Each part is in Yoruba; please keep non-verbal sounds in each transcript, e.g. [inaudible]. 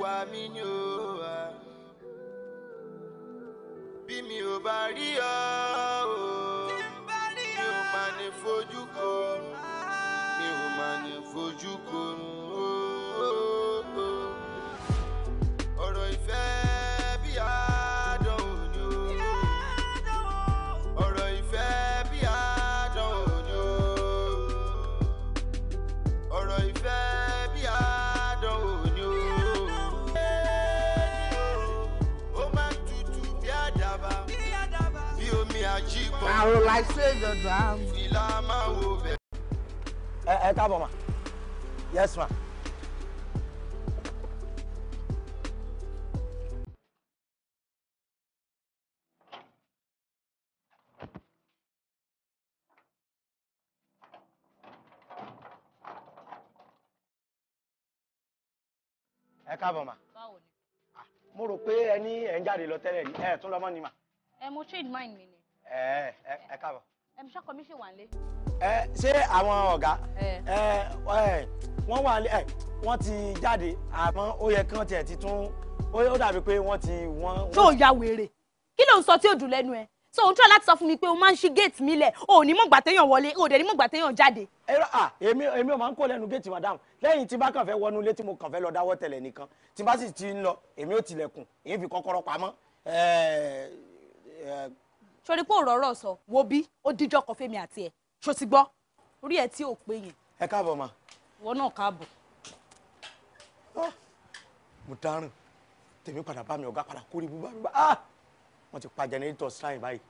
olúwa mi ni o. will like save your ẹ ẹ káàbọ̀ ma yes ma. ẹ káàbọ̀ ma. báwo ah, mo rò pé ẹ ní ẹ̀ ń jáde lọ tẹ́lẹ̀ rí ẹ̀ tún lọ́mọ́ ni ma. ẹ mo trade mind mi ni ẹ ẹ káàbọ̀. ẹ ṣé ọkọ mi ṣì wà nílé. ẹ ṣé àwọn ọ̀gá ẹ wọ́n wà nílé ẹ wọ́n ti jáde àmọ́ ó yẹ kán tiẹ̀ ti tún ó dàbí pé wọ́n ti wọ́n. ṣé o ya wèrè kí ló ń sọ tí ò dùn lẹ́nu ẹ so òun tí wọn láti sọ fún mi pé o máa ń ṣí géètì mi lẹ o ò ní mọ̀ gbà téèyàn wọlé o ò dẹ̀ ní mọ̀ gbà téèyàn jáde. ẹ̀rọ à èmi ò máa ń kó lẹ́nu géètì madam lẹ́yìn tí bá kàn fẹ́ wọnú ilé tí mo kàn fẹ́ lọ dáwọ́ tẹ̀lẹ̀ nìkan tí bá sì ti ń lọ èmi ò tilẹ̀kùn èmi fi kọ́kọ́rọ́ pamọ́ sori pé òrò ọ̀rọ̀ sọ wo bí ó díjọ́ kan fẹ́mi àti ẹ̀ ṣó ti gbọ́ orí ẹ̀ tí ò pé yẹn. ẹ káàbọ̀ ma. ìwọ náà káàbọ̀. mo dárùn tèmi padà bá mi ọ̀gá padà kórè ibú bá mi bá ah! wọ́n ti pa jẹnẹrétọ̀ stein báyìí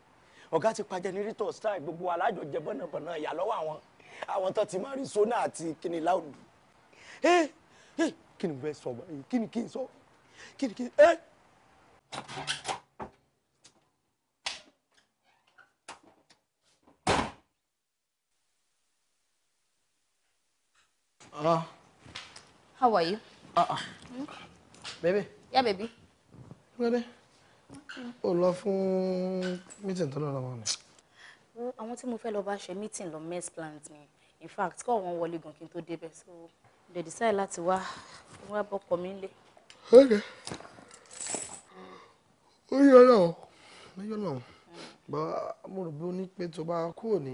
ọ̀gá ti pa jẹnẹrétọ̀ stein gbogbo alájọ jẹ bọ́nàbọ̀nà ìyá lọ́wọ́ àwọn àwọn tó ti máa rí sóná àti kíni láòdù kí ni mo fẹ́ sọ kí ni kí n sọ kí ni kí n. Uh, How are you? Uh, hmm? Baby. Yeah, baby. Baby. O lọ fún meeting tó lọ lọ́wọ́ mi. Àwọn tí mo fẹ́ lọ bá ṣe meeting on mess plans me. In fact, kọ́ wọn wọlé gan kí n So, they decide láti wá wá bọ́kọ mi coming Ó yọ You Ó You lọ́wọ́. But mo rò pé o ní pé tó bá kúrò ní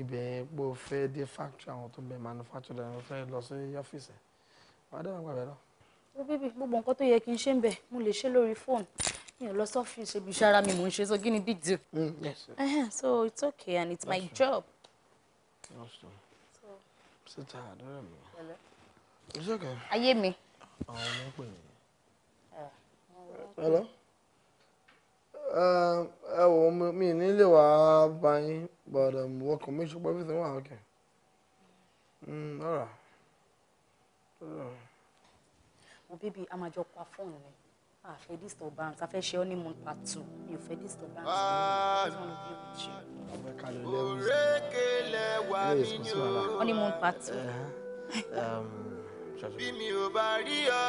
ibẹ̀ yẹn pé o fẹ́ dé factory àwọn tó ń bẹ manufacturer o fẹ́ lọ sí ọ́fíìsì wàá dẹ́wọ̀n gbàgbẹ́ lọ. ó bíbí gbogbo nǹkan tó yẹ kí n ṣe ń bẹ̀ mo lè ṣe lórí fóònù mi ò lọ sí ọ́fíìsì ibi iṣẹ́ ara mi mò ń ṣe so kí ni big deal. Mm, yes. so it's okay and it's my job. síta àdúrà it's okay. ayé mi. àwọn ọmọ ń pè mí. Ah, hello? ẹ wò ó mi ní lè wá bá yín but um, wọ́n kàn mí ṣọpọ̀ everything wà okay. Mm, all Mo bíbí a máa jọ pa fóònù rẹ̀. A fẹ́ disturbance, a fẹ́ ṣe ọ́ ní moon part two. Mi ò fẹ́ disturbance. Ah, Òrékelẹ̀ wà mí ni o. Ó ní moon part two. Um, bí mi ò bá rí ọ́,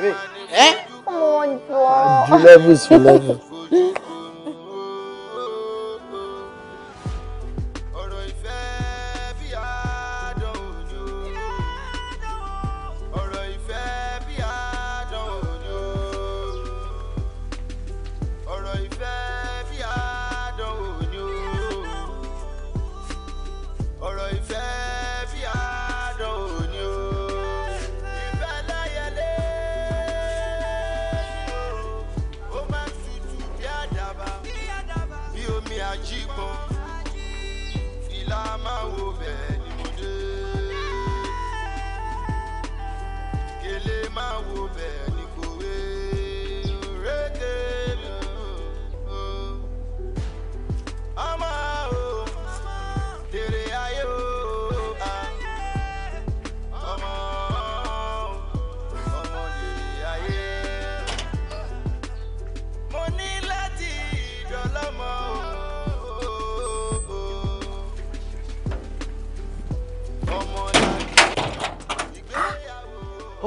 bí come on, bro. Do levels for levels. over.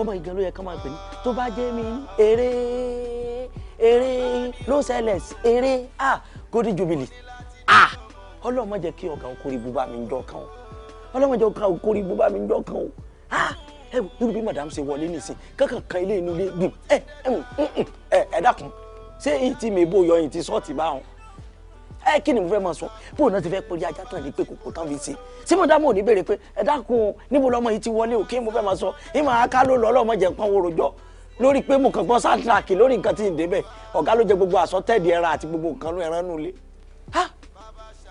ọmọ ìgàn ló yẹ kí wọ́n máa pè ní tó bá jẹ́ mi eré eré Los Angeles eré ah Golden Jubilee ah Ọlọ́run má jẹ́ kí ọ̀gá okòrí bú bá mi jọ kan o Ọlọ́run má jẹ́ ọ̀gá okòrí bú bá mi jọ kan o ah ẹ wò irú bí madam ṣe wọlé nìsín kankan kan ilé inú ilé gbìm ẹ ẹ ẹ dákun ṣé èyí tí mi bò yọ èyí tí sọ́ọ̀tì bá wọn ẹ kí ni mo fẹ́ máa sọ bóun náà ti fẹ́ pèrè ajá tán ní pé kòkó tán fi ṣe tí mo dámọ̀ ò ní béèrè pé ẹ dákun níbo lọmọ yìí ti wọlé òkè mo fẹ́ máa sọ ìmọ̀ aká ló lọ ọlọ́mọ jẹ pọ́n worojọ́ lórí pé mo kàn gbọ́ sáàtìláàkì lórí nǹkan tí ì débẹ̀ ọ̀gá ló jẹ gbogbo àsọtẹ́ẹ̀dì ẹran àti gbogbo nǹkan ló ẹran nulẹ̀ ha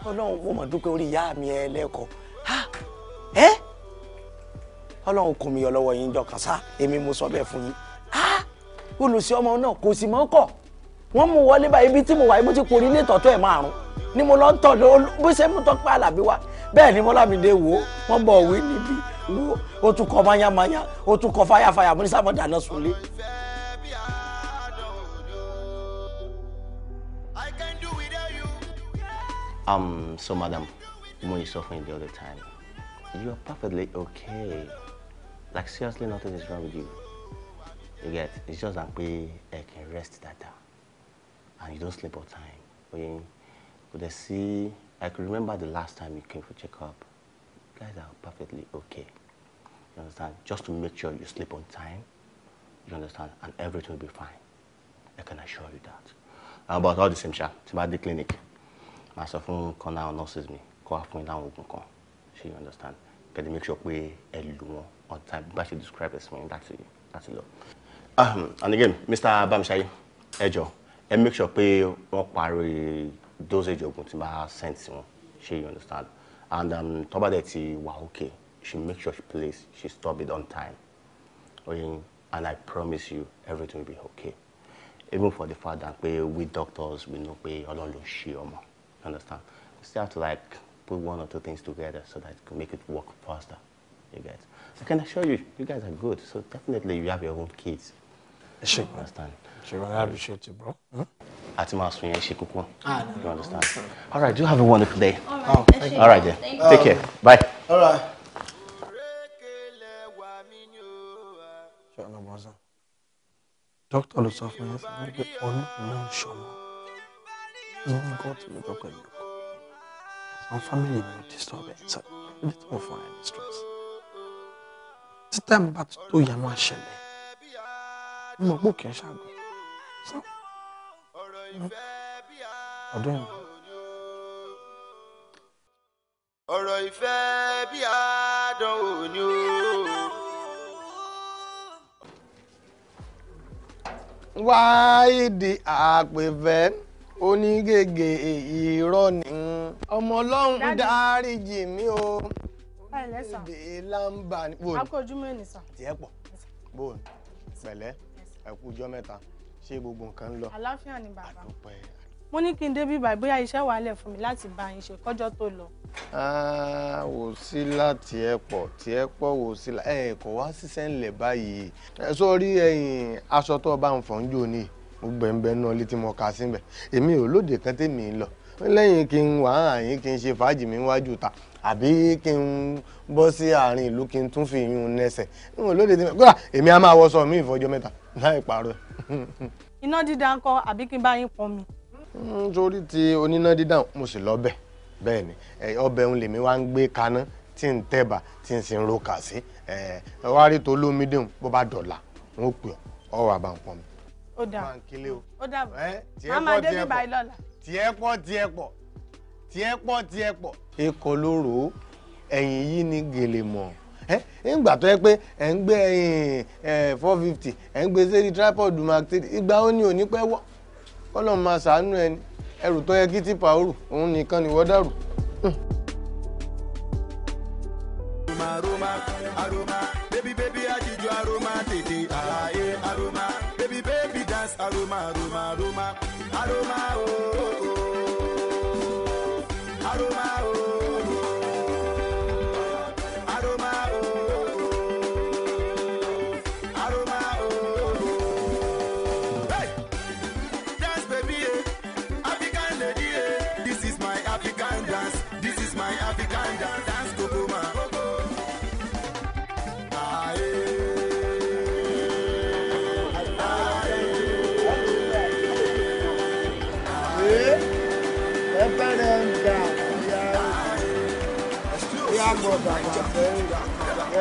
ọlọ́run mo mọ̀ dúpẹ́ orí ìyá mi ẹ lẹ́kọ̀ọ́ ha ẹ́ ọlọ́run kò mí yọ lọ́wọ́ yín jọkàn sá èmi mo sọ bẹ́ẹ̀ fún yín ha olùsí ọmọ náà kò sì mọ́kọ̀ wọ́n mú wọlé báyìí ibi tí mo wà yìí mo ti porí ilé ìtọ́tọ́ ẹ̀ márùn-ún ni mo lọ ń tọ̀ bó ṣe mú Tọ́pẹ́ Àlàbí wá bẹ́ẹ̀ ni Mọ́lámídé wò ó wọ́n bọ̀ wí níbi wò ó tún kọ mayamaya ó tún kọ fáyàfáyà mo ní sábà dáná sunlé. Um, so madam, when you suffering the other time, you are perfectly okay. Like seriously, nothing is wrong with you. You get? It's just that we can rest that down, and you don't sleep all time kò dẹ̀ sí I can remember the last time you came for checkup you guys are perfectly okay you understand just to make sure you sleep on time you understand and everything will be fine I can assure you that uh, but all the same ṣá tí bá dé clinic my sọ fún kan nurses me, kó wá fún yín láwọn oògùn kan ṣe you understand make sure pé ẹ on time But she bá ṣe describe ẹ̀sìn yín láti láti lọ. and again Mr. Bamisayi ẹ And make sure pé wọ́n parí dosage oògùn tí máa send sí wọn ṣe you understand and um, tó bá dẹ̀ ti wà okay she make sure she place, she stop it on time oyin and I promise you everything will be okay even for the father, that we doctors we know pé Ọlọ́run ló ṣe ọmọ you understand we still have to like put one or two things together so that it can make it work faster you get I can assure you you guys are good so definitely you have your own kids. Sure. Understand? Sure, I appreciate you, bro. Huh? Hmm? àti máa sùn yẹn ṣe kókó ah, you understand all right you have a wonderful day all right, oh, thank you. all then take care bye. All right. dókítà ló sọ fún yín fún mi pé ọlọ́run náà ṣọmọ inú àwọn fámìlì mi ò disturb ẹ̀ ṣe ilé tó ń fún ẹ̀ ní stress títà bá tó yà máa ṣẹlẹ̀ mo mọ̀ pé òkè ń ṣàgbọ̀ ọdún ọ̀rọ̀ ìfẹ́ bí àádọ́ òní o. wáìdì àpèfẹ́ onígègè irọ́ ni ọmọ ọlọ́run dáríji mi o onídè lámbà ni. akójú mẹ́rin sà. tiẹ̀ pọ̀ bóun pẹ̀lẹ́ mẹ́ta. ṣé gbogbo nǹkan ń lọ. àlàáfíà ni bàbá àdúpẹ́. mo ní kí n débí báyìí bóyá iṣẹ́ wà lẹ̀ fún mi láti bá yín ṣe kọ́jọ́ tó lọ. wò sí láti ẹ̀pọ̀ tí ẹ̀pọ̀ wò sí ẹ̀ kò wá ṣiṣẹ́ ńlẹ̀ báyìí sórí ẹ̀yìn aṣọ tó bá ń fọ̀ ń jò ní gbẹ̀ngbẹ̀ náà létí mo kà síbẹ̀ èmi ò lóde kan tèmi lọ lẹ́yìn kí n wà á yín kí n ṣe fàájì mi wájú ta àbí kí n bọ́ sí àárín ìlú kí n tún fi yún nẹsẹ̀ n lóde tí kódà èmi á máa wọṣọ mi ìfọjọ́ mẹ́ta láì parọ́. iná dídá ń kọ àbí kí n bá yín pọn mi. nítorí hmm, ti oníná dídá mo sì lọ́bẹ̀ bẹ́ẹ̀ ni ọbẹ̀ òun lèmi wá ń gbé kaná tí ń tẹ̀bà tí ń sin ro kà sí ẹ wá rí tó lómi dùn bó bá dọ̀là wọn ò pè ọ ọ wà bá ń pọn mi. ó dà ó dà bọ́ máa dé bíbá ilọ́la. tiẹ̀ pọ̀ tiẹ̀ pọ̀ tiẹ̀ ẹ tiẹ̀ pọ̀. ekò ẹ̀yìn yìí ni gèlè mọ̀ ẹ ńgbà tó yẹ pé ẹ̀ ń gbé ẹ̀yìn four fifty ẹ̀ ń gbé tripod mark three ó ní òní pẹ́ wọ́ máa ẹni ẹrù tó yẹ kí òun nìkan ni wọ́n dàrú. Hmm. aroma aroma Aroma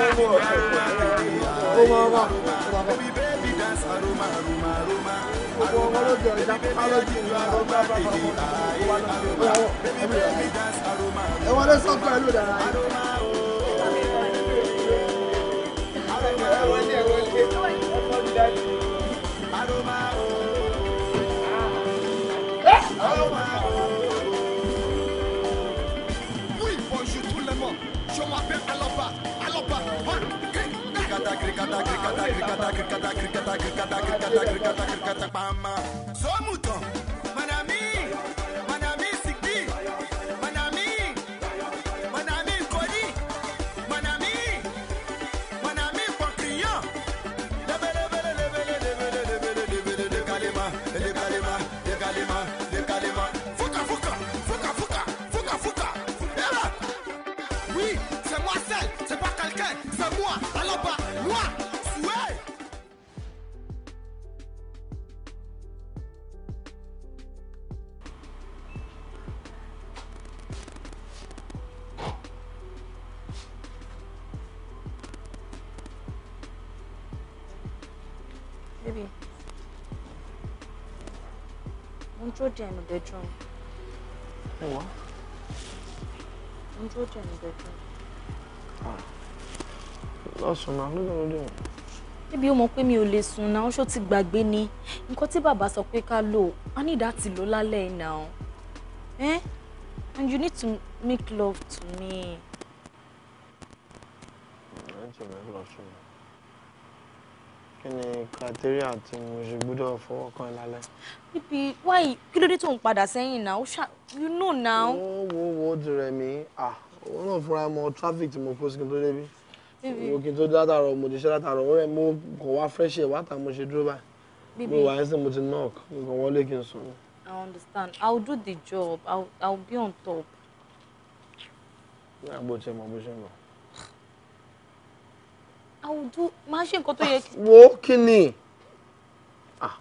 ẹ wọlé sọ́kọ̀ ẹ lò dára yìí. krikata krikata krikata krikata krikata krikata krikata krikata krikata pama. Sọ́mùtàn. there in the bedroom. Hey, what? I'm told you in the bedroom. Ah. Lọ́sùn náà ló dẹ̀ ló dẹ̀ wọ̀n. Níbi ó mọ̀ pé mi ò lè sùn náà, ṣó ti gbàgbé ni. Nǹkan tí bàbá sọ pé ká lò, a ní ìdátì ló lálẹ́ náà. Eh? And you need to make love to me. Ẹ ń ṣe mẹ́rin lọ́sùn náà kí ni criteria tí mo ṣe gbọ́dọ̀ fọwọ́ kan lálẹ́. níbi wáyé kí ló dé tó ń padà sẹ́yìn náà ó ṣá you know now. wo wo wo dìrẹ̀ mi ah òun náà fúnra mọ traffic tí mo post kí n tó débi mo kí n tó látàrọ mo ti ṣe látàrọ ó rẹ mo kàn wá fresh air wátà mo ṣe dúró báyìí mo wà ẹsẹ mo ti knock mo kàn wọlé kí n sùn. I understand I will do the job I will, be on top. ní àgbo tí mo bó ṣe ń àwùjọ ah, máa ṣe nǹkan tó yẹ kí. Ah, wo kí ni. Ah.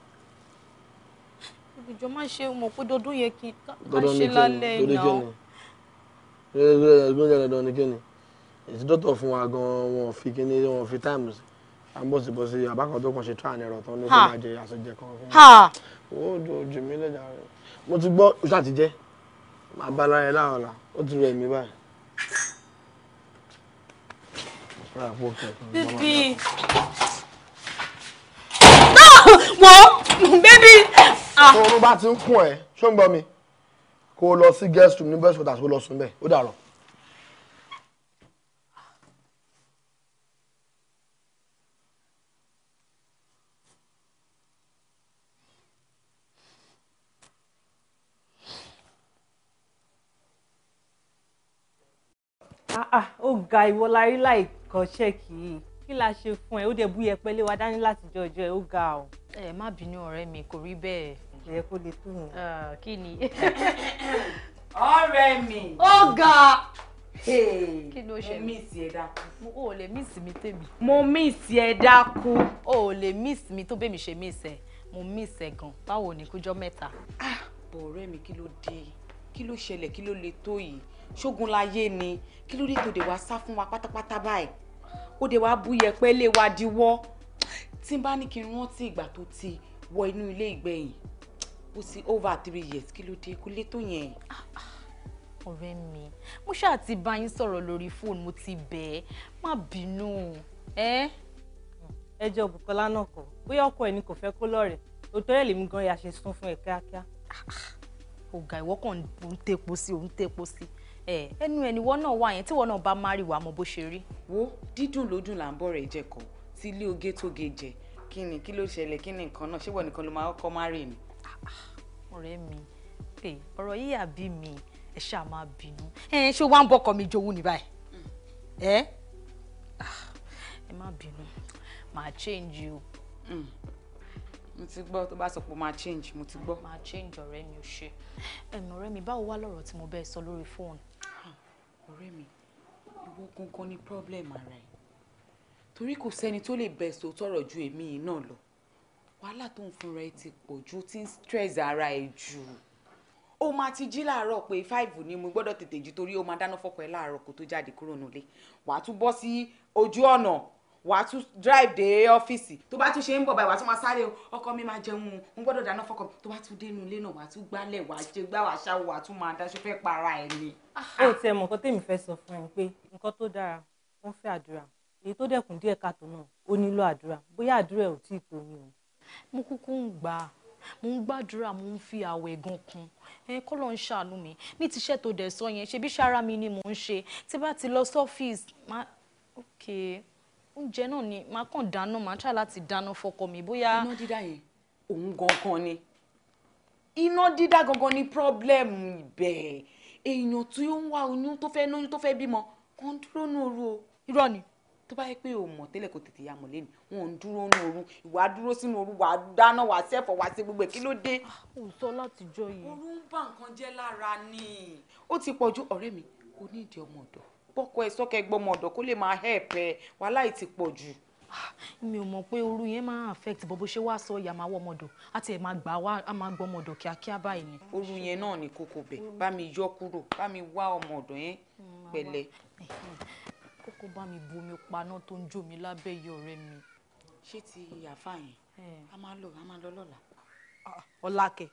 ìjọ máa ṣe mọ̀ pé dọdún yẹ kí ká ṣe lálẹ́ ìnáwó. dọdún eh, eh, dandan ni kí ni ìsídọ́tọ̀ fún wa gan-an wọn fi kíní wọn fi táìmù sí àbọ̀sibọ̀sí àbákan tó kàn ṣe tó àníràn tán ló fi máa jẹ àṣejẹ kan fún mi. ó jò jù mí lẹ́jà rẹ̀ mo ti gbọ́ ṣáà ti bá láyé láwọn ó ti rẹ̀ mí báyìí. Baby. No! Ah, Wọ́n! Baby! Ah. Tó o bá ti ń kún ẹ, ṣó ń gbọ́ mi? Kó lọ sí guest room ní best quarters kó o lọ sùn bẹ́ẹ̀, ó dàrọ̀. ga ìwọ la rí láìkọ́ ṣẹ́ẹ̀kì yìí kí la ṣe fún ẹ ó dẹ̀ bú yẹpẹ́ lé wa dání láti jọ ọjọ́ ẹ ó ga o. ẹ má bínú ọ̀rẹ́ mi kò rí bẹ́ẹ̀. ẹ kó lè tó wọn. kí ni. [laughs] ọ̀rẹ́ mi. ó ga. kí ló ṣe mo miss ẹ dákú. o lè miss mi tèmi. mo miss ẹ dákú. o lè miss mi tó bẹ́ẹ̀ ṣe miss ẹ mo miss ẹ gan báwo ni kújọ mẹ́ta. Ah, ọ̀rẹ́ mi kí ló dé kí ló ṣẹlẹ̀ kí ló le tó yìí ṣógun láyé ni kí ló dé tó dé wá sá fún wa pátápátá báyìí ó dé wá bú yẹpẹ lé wa diwọ́ tí n bá ní kí n rántí ìgbà tó ti wọ inú ilé ìgbẹ̀yìn ó ti over three years kí ló dé kó lé tó yẹn ọ̀rẹ́ mi mo ṣáà ti bá yín sọ̀rọ̀ lórí fóònù mo ti bẹ̀ má bínú ẹ. ẹjọ́ Bùkọ́lá náà kọ bóyá ọkọ ẹ ni kò fẹ́ kó lọ́rẹ̀ òótọ́ ẹ̀ lèmi gan-an ṣe sún fún ẹ kíákíá. Ah, ah. ọ̀gá ìwọ kàn ń tepo sí òun tepo sí i ẹnu ẹ ni wọ́n náà wà yẹn tí wọ́n náà bá má rí wàá mọ bó ṣe rí. wo dídùn ló dùn là ń bọ̀rọ̀ ẹ̀jẹ̀ kan tí ilé oge tó ge jẹ kí ni kí ló ṣẹlẹ̀ kí ni nǹkan náà ṣé wọ́n nìkan ló máa kọ́ má rè ni. ọ̀rẹ́ mi ọ̀rọ̀ yìí àbí mi ẹ ṣáà máa bínú ẹ ṣé wàá ń bọ́kọ mi jowú ní báyìí mm. ẹ ah, ẹ má bínú máa change o. Mm. mo ti gbọ́ tó bá sọ pé máa change mo ti gbọ́. máa change ọ̀rẹ́ mi ò ṣe ẹ̀mí ọ̀rẹ́ mi báwo wá lọ́rọ̀ tí mo bẹ́ẹ̀ sọ lórí fóònù ọ̀rẹ́ mi ìwọ gangan ni problem ara ẹ̀ torí kò sẹ́ni tó lè bẹ̀ sọ tọrọ ju èmi yìí náà lọ wàhálà tó ń fúnra ẹ ti pọ̀ ju tí ń stress ara ẹ jù ó máa ti jí láàárọ̀ pé five ni mo gbọ́dọ̀ tètè jí torí ó máa dáná fọ́kọ ẹ láàárọ̀ kó tó jáde kúrò nílé wàá tún bọ́ sí ojú ọ̀nà wà á tún drive dé ọ́fíìsì tó bá tún ṣe ń bọ̀ báyìí wà á tún máa sáré ọkọ mi máa jẹun n gbọ́dọ̀ dáná fọkọ tó bá tún dénú ilé náà wà á tún gbálẹ̀ wà á ṣe gbá wà wà á tún máa dáṣọ fẹ́ para ẹ̀ ni. Ah. ó tẹ mọ nǹkan tèmi fẹ́ sọ fún ẹ pé nǹkan tó dára ó ń fẹ́ àdúrà èyí tó dẹ̀kùn díẹ̀ káàtó náà ó nílò àdúrà bóyá àdúrà ẹ̀ ò tí ì tó ni mo ń gbàdúrà mo ń fi àwẹ̀ gan kun ẹ kọ́ ló ń ṣàánú mi ní tiṣẹ́ tó dẹ̀ sọ yẹn ṣebí ṣára mi ni mò ń ṣe tí bá ti lọ sọ́fíìsì má ok oúnjẹ náà ni màá kàn dáná màá try láti dáná fọkọ mi bóyá. iná dídá yẹn òun gangan ni iná dídá gangan ni problem ibẹ̀ èèyàn tí ó ń wá oyún tó fẹ́ lóyún tó fẹ́ bímọ kò ń dúró ní òru o irọ́ ni tó bá yẹ pé o mọ̀ tẹ́lẹ̀ kò tètè yà mọ̀ lẹ́nu wọn ò ń dúró ní òru ìwà dúró sínú òru wà á dáná wà á sẹ́fọ̀ wà á ṣe gbogbo ẹ̀ kí ló dé. ò ah, sọ látijọ́ yìí. òru nǹkan jẹ́ lára ni. ó ti pọ̀jù ọ̀rẹ́ mi kò ní ìdí ọmọ ọ̀dọ́ bọ́kọ ẹ sọ́kẹ́ gbọ́mọ ọ̀dọ̀ kó lè máa help ẹ wàhálà yìí ti pọ̀ jù. Ah, mi ò mọ̀ pé ooru yẹn máa affect bó bó ṣe wá sọ ìyá máa wọ ọmọdọ̀ àti ẹ̀ máa gbà wá á máa gbọ́ ọmọdọ̀ kíákíá báyìí ni. ooru yẹn náà ni kókó bẹ̀ bá mi yọ kúrò bá mi wá ọmọdọ̀ yẹn pẹ̀lẹ́. kókó bá mi bu omi paná tó ń jó mi lábẹ́ iye ọ̀rẹ́ mi. ṣé ti àfa yẹn a máa lọ a máa lọ lọ́la ah, ah, ọ̀làkẹ̀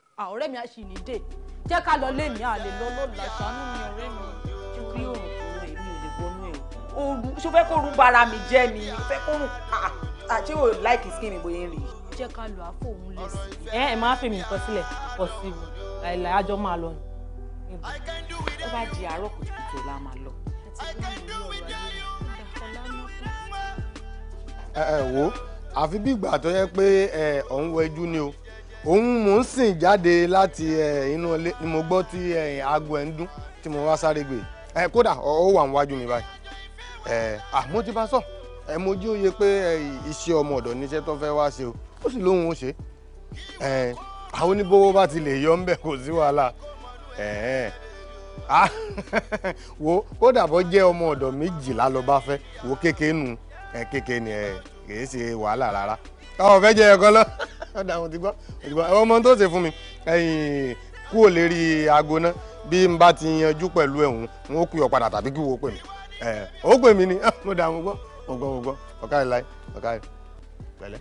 wọnú ẹ̀ ooru ṣé o kó orun bara mi jẹ́ ni o fẹ́ kó orun àti ah, ah, o like skin mi bóyá ń ká lo àfọ òun lẹ́sìn. ẹ ẹ máa fèmí nǹkan sílẹ̀ pọ̀ sí i láìláì àjọ máa lọ ni. ó bá di àárọ̀ kùtùkùtù ọ̀la máa lọ. ẹ wo àfi bí ìgbà tó yẹ pé ẹ òun wẹjú ni o òun mò ń sìn jáde láti inú ilé ni mo gbọ́ tí aago ẹ̀ ń dún tí mo wá sáré gbé ẹ eh, kódà ó wà níwájú mi báyìí ẹ eh, àmọ́ ah, ti bá sọ ẹ eh, mo jí òye pé iṣẹ́ ọmọ ọ̀dọ̀ níṣẹ́ tó fẹ́ wá ṣe o ó sì lóhun ó ṣe ẹ àwọn oníbówó bá ti lè yọ ńbẹ kò sí wàhálà ẹ ẹ ah, [laughs] wo kódà bó jẹ́ ọmọ ọ̀dọ̀ méjìlá lọ bá fẹ́ wo kékeré nu ẹ kékeré ni ẹ kìí ṣe wàhálà rárá ọ fẹ́ jẹ ẹ̀kan lọ [laughs] ọ̀dà àwọn ọmọ tó ṣe fún mi ẹ̀yìn kúò lérí aago náà bí n bá ti yanjú pẹ̀lú ẹ̀hún n ó pè ọ́ padà tàbí kí wo pè mí ẹ̀ ó pè mí ni [laughs] mo dà mo gbọ́ mo gbọ́ mo gbọ́ ọ̀ká ẹ̀ láì ọ̀ká ẹ̀ pẹ̀lẹ́.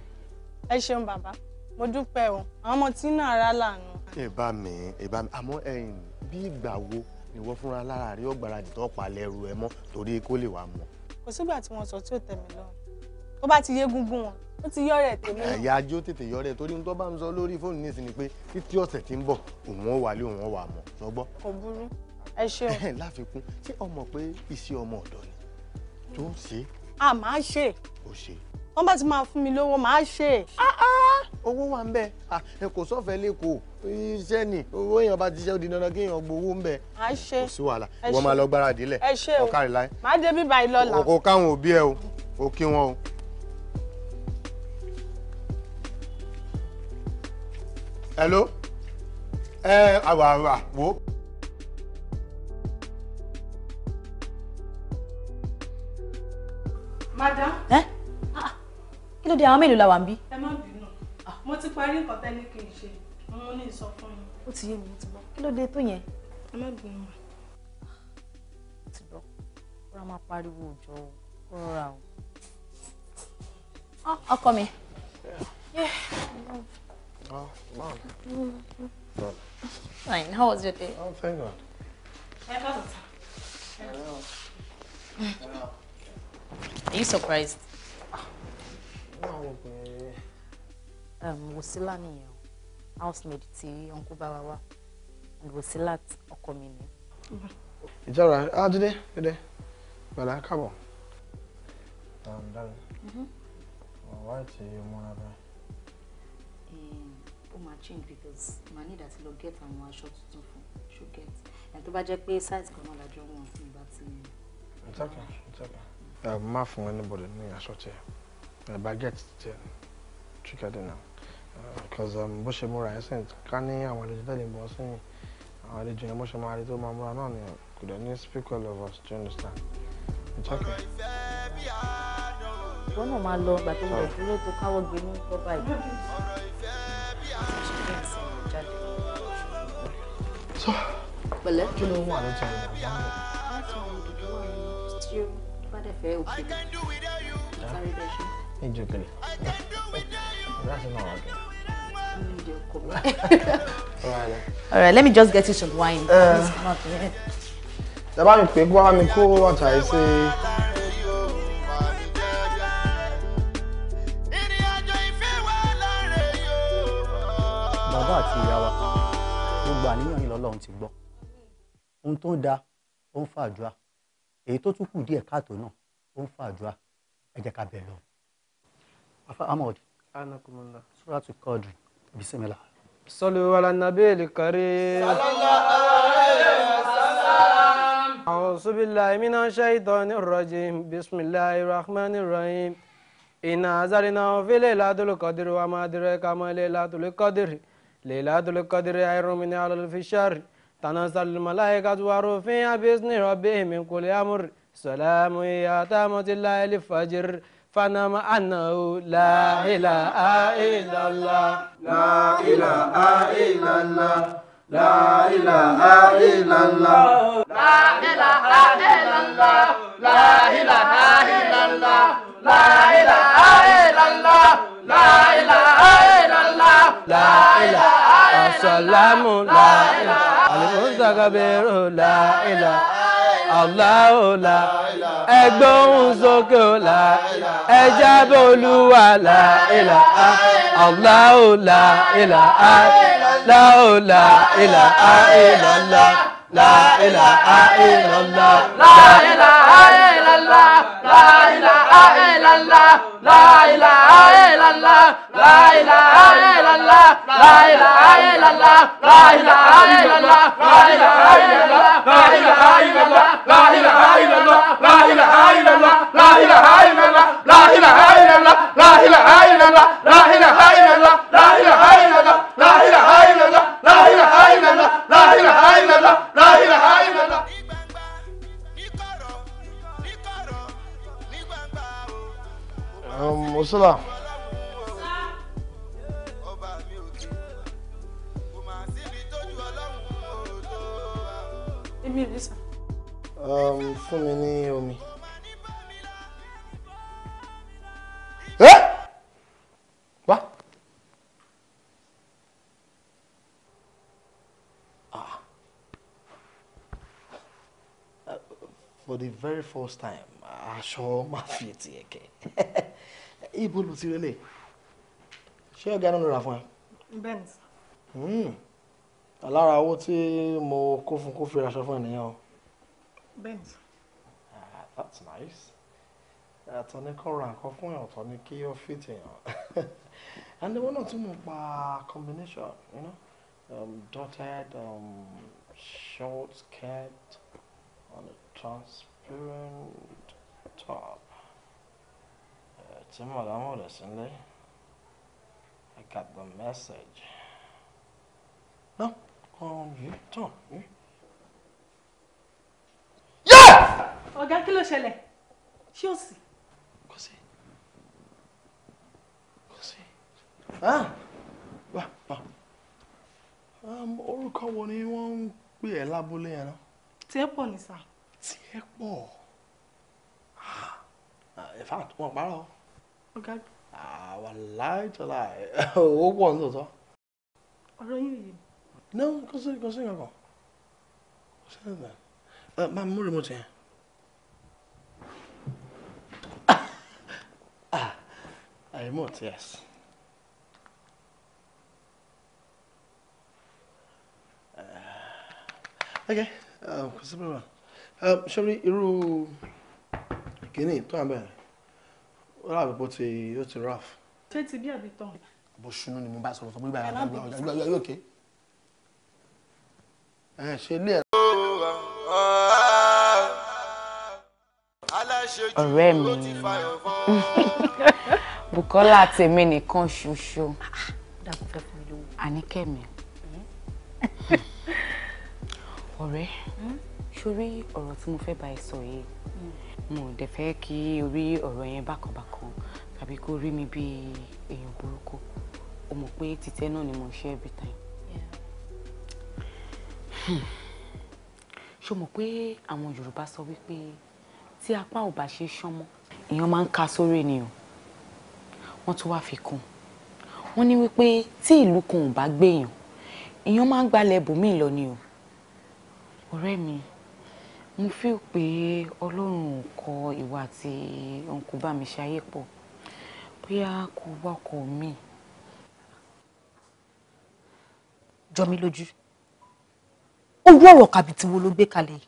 ẹ ṣeun bàbá mo dúpẹ́ o àwọn ọmọ tí náà rà lànà. ẹ bá mi ẹ bá mi àmọ́ ẹ̀yin bí ìgbà wo ni wọ́n fúnra lára rí ọ̀gbáradì tó palẹ̀ ẹrù ẹ mọ́ torí kó lè wàá mọ̀. kò sígbà tí wọ́n sọ tí ò tẹ̀ lọ́rùn tó bá ti yé gungun wọn ó ti yọrẹ tèmi náà. ẹ̀yà ajé ó tètè yọrẹ torí ohun tó bá ń sọ lórí fóònù nísìnyí ni pé títí ọ̀sẹ̀ tí ń bọ̀ òun ó wà lé òun ó wà mọ̀ lọ́gbọ́. kò burú ẹ ṣeun. [laughs] láfikún ṣé ọmọ pé iṣẹ́ ọmọ ọ̀dọ́ ni tó ń ṣe. a máa ṣe. ó ṣe. wọ́n bá ti máa fún mi lówó máa ṣe. Ah, ah! owó wà ń bẹ ah, ẹ kò sọ́fẹ̀ẹ́ lẹ́kọ̀ọ́ iṣẹ́ ni owó èèyàn bá ti ṣe ó di dandan kí èèyàn gbowó ń bẹ. a ṣe kò sí wàhálà ìwọ máa lọ gbáradì lẹ̀ ọkàrìlá. máa débi báyìí lọ́la. ọkọ káwọn òbí ẹ o ò wọn o. hello ẹ àwà àwà wò. madam. ẹ ah, ah. kí ló dé àwọn mélòó la wà ń bí. ẹ má bínú ah. mo ti parí nǹkan tẹ́lẹ̀ kì í ṣe mo ní ìsọfún yín. ó ti yé mi mo ti gbọ́ kí ló dé tó yẹn. ẹ má bínú. ó ti gbọ́ kó máa pariwo òjò o kó rọra o. ọkọ mi. Yeah. Fine. How was your day? Oh, thank God. Are you surprised? Um, Wosila nìyẹn o. Housemaid ti Uncle Bàbá And Wosila ọkọ mi ni. It's all right. Ah, Jide, Jide. come on. Um, darling. Mm-hmm. Why ti múra báyìí? Eh, máa change because màá ní ìdàtí lọ get àwọn aṣọ tuntun fún ṣó get ẹ̀ tó bá jẹ́ pé size kan náà lájọ wọn ní ìgbà tí. it's okay it's ẹ má fún anybody ní aṣọ tiẹ ẹ bá get tiẹ chicken dinner because uh, um, bó ṣe múra ẹ sẹ́yìn ká ní àwọn àlejò tẹ́lẹ̀ ń bọ̀ sẹ́yìn àwọn àlejò yẹn bó ṣe máa rí tó máa múra náà ni kò dẹ̀ ní speak well of us do understand it's ìwọ náà máa lọ gbàtọ́ ìdàdúró tó káwọ́ gbé ní kọ́ báyìí. pẹ̀lẹ́. kí ló ń wà ló ti láti wọn dùdú wọn ni tí ó bá dẹ̀ fẹ́ òkè sáré bẹ́ẹ̀ ṣe. All right, let me just get you some wine. Uh, eh. Tàbá mi pé kó wá mi kó ọ̀tà yìí ohun tó ń da ó ń fa àdúrà èyí tó tún kù díẹ̀ káàtó náà ó ń fa àdúrà ẹ jẹ́ ká bẹ̀ lọ. afa ahmed anakumula suratu kọọdù bisimila. sọlù wàlà nàbẹ́ẹ̀lì kárí. sọlọ́lá ààrẹ sàlám. أعوذ بالله من الشيطان الرجيم بسم الله الرحمن الرحيم إنا أنزلناه في ليلة القدر وما أدراك ما ليلة القدر ليلة القدر خير من ألف شهر تنزل الملائكة والروح فيها بإذن ربهم من كل أمر سلام هي تامة الله الفجر فنم أنه لا إله إلا الله لا إله إلا الله لا إله إلا الله لا إله إلا الله لا إله إلا الله لا إله إلا الله لا إله إلا الله لا إله إلا السلام لا إله alimusakabiru la ila aláwo la ẹgbóhùn sókè la ẹjábọ̀ olúwa la ila aláwo la ila aláwo la ila aláwo لا إله إلا الله لا إله إلا الله لا إله إلا الله لا إله إلا الله لا إله إلا الله لا إله إلا الله لا إله إلا الله لا إله إلا الله لا إله إلا الله لا إله إلا الله لا إله إلا الله لا إله إلا الله لا إله إلا الله لا إله إلا الله لا إله Um, fún mi ní omi. Eh? wá. Ah. Uh, for the very first time aṣọ máa fi ti ẹ̀kẹ́. [laughs] ibo ló ti rẹlẹ̀ ṣé ọ̀gá náà ló fún ẹ. bẹ́ẹ̀ni hmm. alára owó tí mo kó fún kó fi raṣọ fún ẹ o. bẹ́ẹ̀ni ah, that's nice ọ̀tọ̀ ni kọ́ ra nǹkan fún ẹ̀ ọ̀tọ̀ ni kí ó fit èèyàn [laughs] and the one náà tún mọ̀ pa combination you know, um, dotted um, short skirt on a transparent top tí màdàmù rẹ̀ I got the message. No, um, you don't. You. Yeah! Ọ̀gá kí ló ṣẹlẹ̀? Ṣé o sì? Kò sí. Kò sí. Wà ah! wà. Um, orúkọ wo ni wọ́n ń pè ẹ́ lábúlé yẹn náà? Tiẹ̀ pọ̀ Ah. sà. Tiẹ̀ pọ̀. In fact, wọ́n parọ́ ọ̀gá mi. àwa láìtọ́lá ẹ̀ owó pọ̀ nítòótọ́. ọ̀rọ̀ yín yìí. no kò sí kò sí nǹkan kò sí nǹkan máa mú remote yẹn. [laughs] Ah, ah remote yes. Ah, ok um, kò sí problem um, ṣé irú kìíní tó à ń bẹ̀rẹ̀ ó rà pípọ́ ti ó ti rough. ṣé ti bí àbí tán. bó ṣunú ni mo bá sọ̀rọ̀ sọ bóyá ìgbà ìgbà ìgbà yóò ké. ẹ ṣe ilé ẹ. ọ̀rẹ́ mi [laughs] Bukola tèmi nìkan ṣoṣo àníkẹ́mi hmm? ọ̀rẹ́ hmm? sórí ọ̀rọ̀ tí mo fẹ́ bá ẹ sọ yìí. Hmm mo dẹ̀ fẹ́ kí orí ọ̀rọ̀ yẹn bákanbákan tàbí kó rí mi bí èèyàn burúkú o mọ̀ pé títẹ́ náà ni mo ń ṣe every time. ṣo mọ̀ pé àwọn Yorùbá sọ wípé tí apá ò bá ṣe ṣánmọ́ èèyàn máa ń ka sórí ni o tún wáá fi kún wọ́n ní wípé tí ìlú kan ò bá gbèèyàn èèyàn máa ń gbalẹ̀ ẹ̀bùnmí lọ ni o ọ̀rẹ́ mi mo feel pé ọlọ́run kọ ìwà àti òǹkú bá mi ṣayé pọ̀ bóyá kò wá mi. jọ mí lójú owó ọ̀rọ̀ kàbìtì wo ló gbé kalẹ̀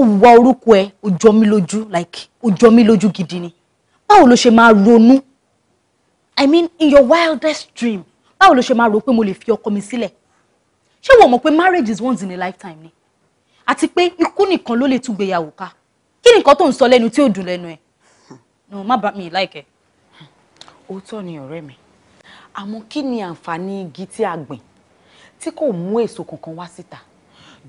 òwúwa orúkọ ẹ ó jọ lójú like ó jọ mí lójú gidi ni báwo ló ṣe máa ronú i mean in your wildest dream báwo ló ṣe máa rò pé mo lè fi ọkọ mi sílẹ̀ ṣé wọ́n mọ̀ pé marriage is once in a lifetime ni àti pé ikú nìkan ló lè tún gbéyàwó ká kí ni nǹkan tó ń sọ lẹ́nu tí ò dùn lẹ́nu ẹ̀ no má bá mi láìkẹ́. òótọ́ ni ọ̀rẹ́ mi àmọ́ kí ni àǹfààní igi tí a gbìn tí kò mú èso kankan wá síta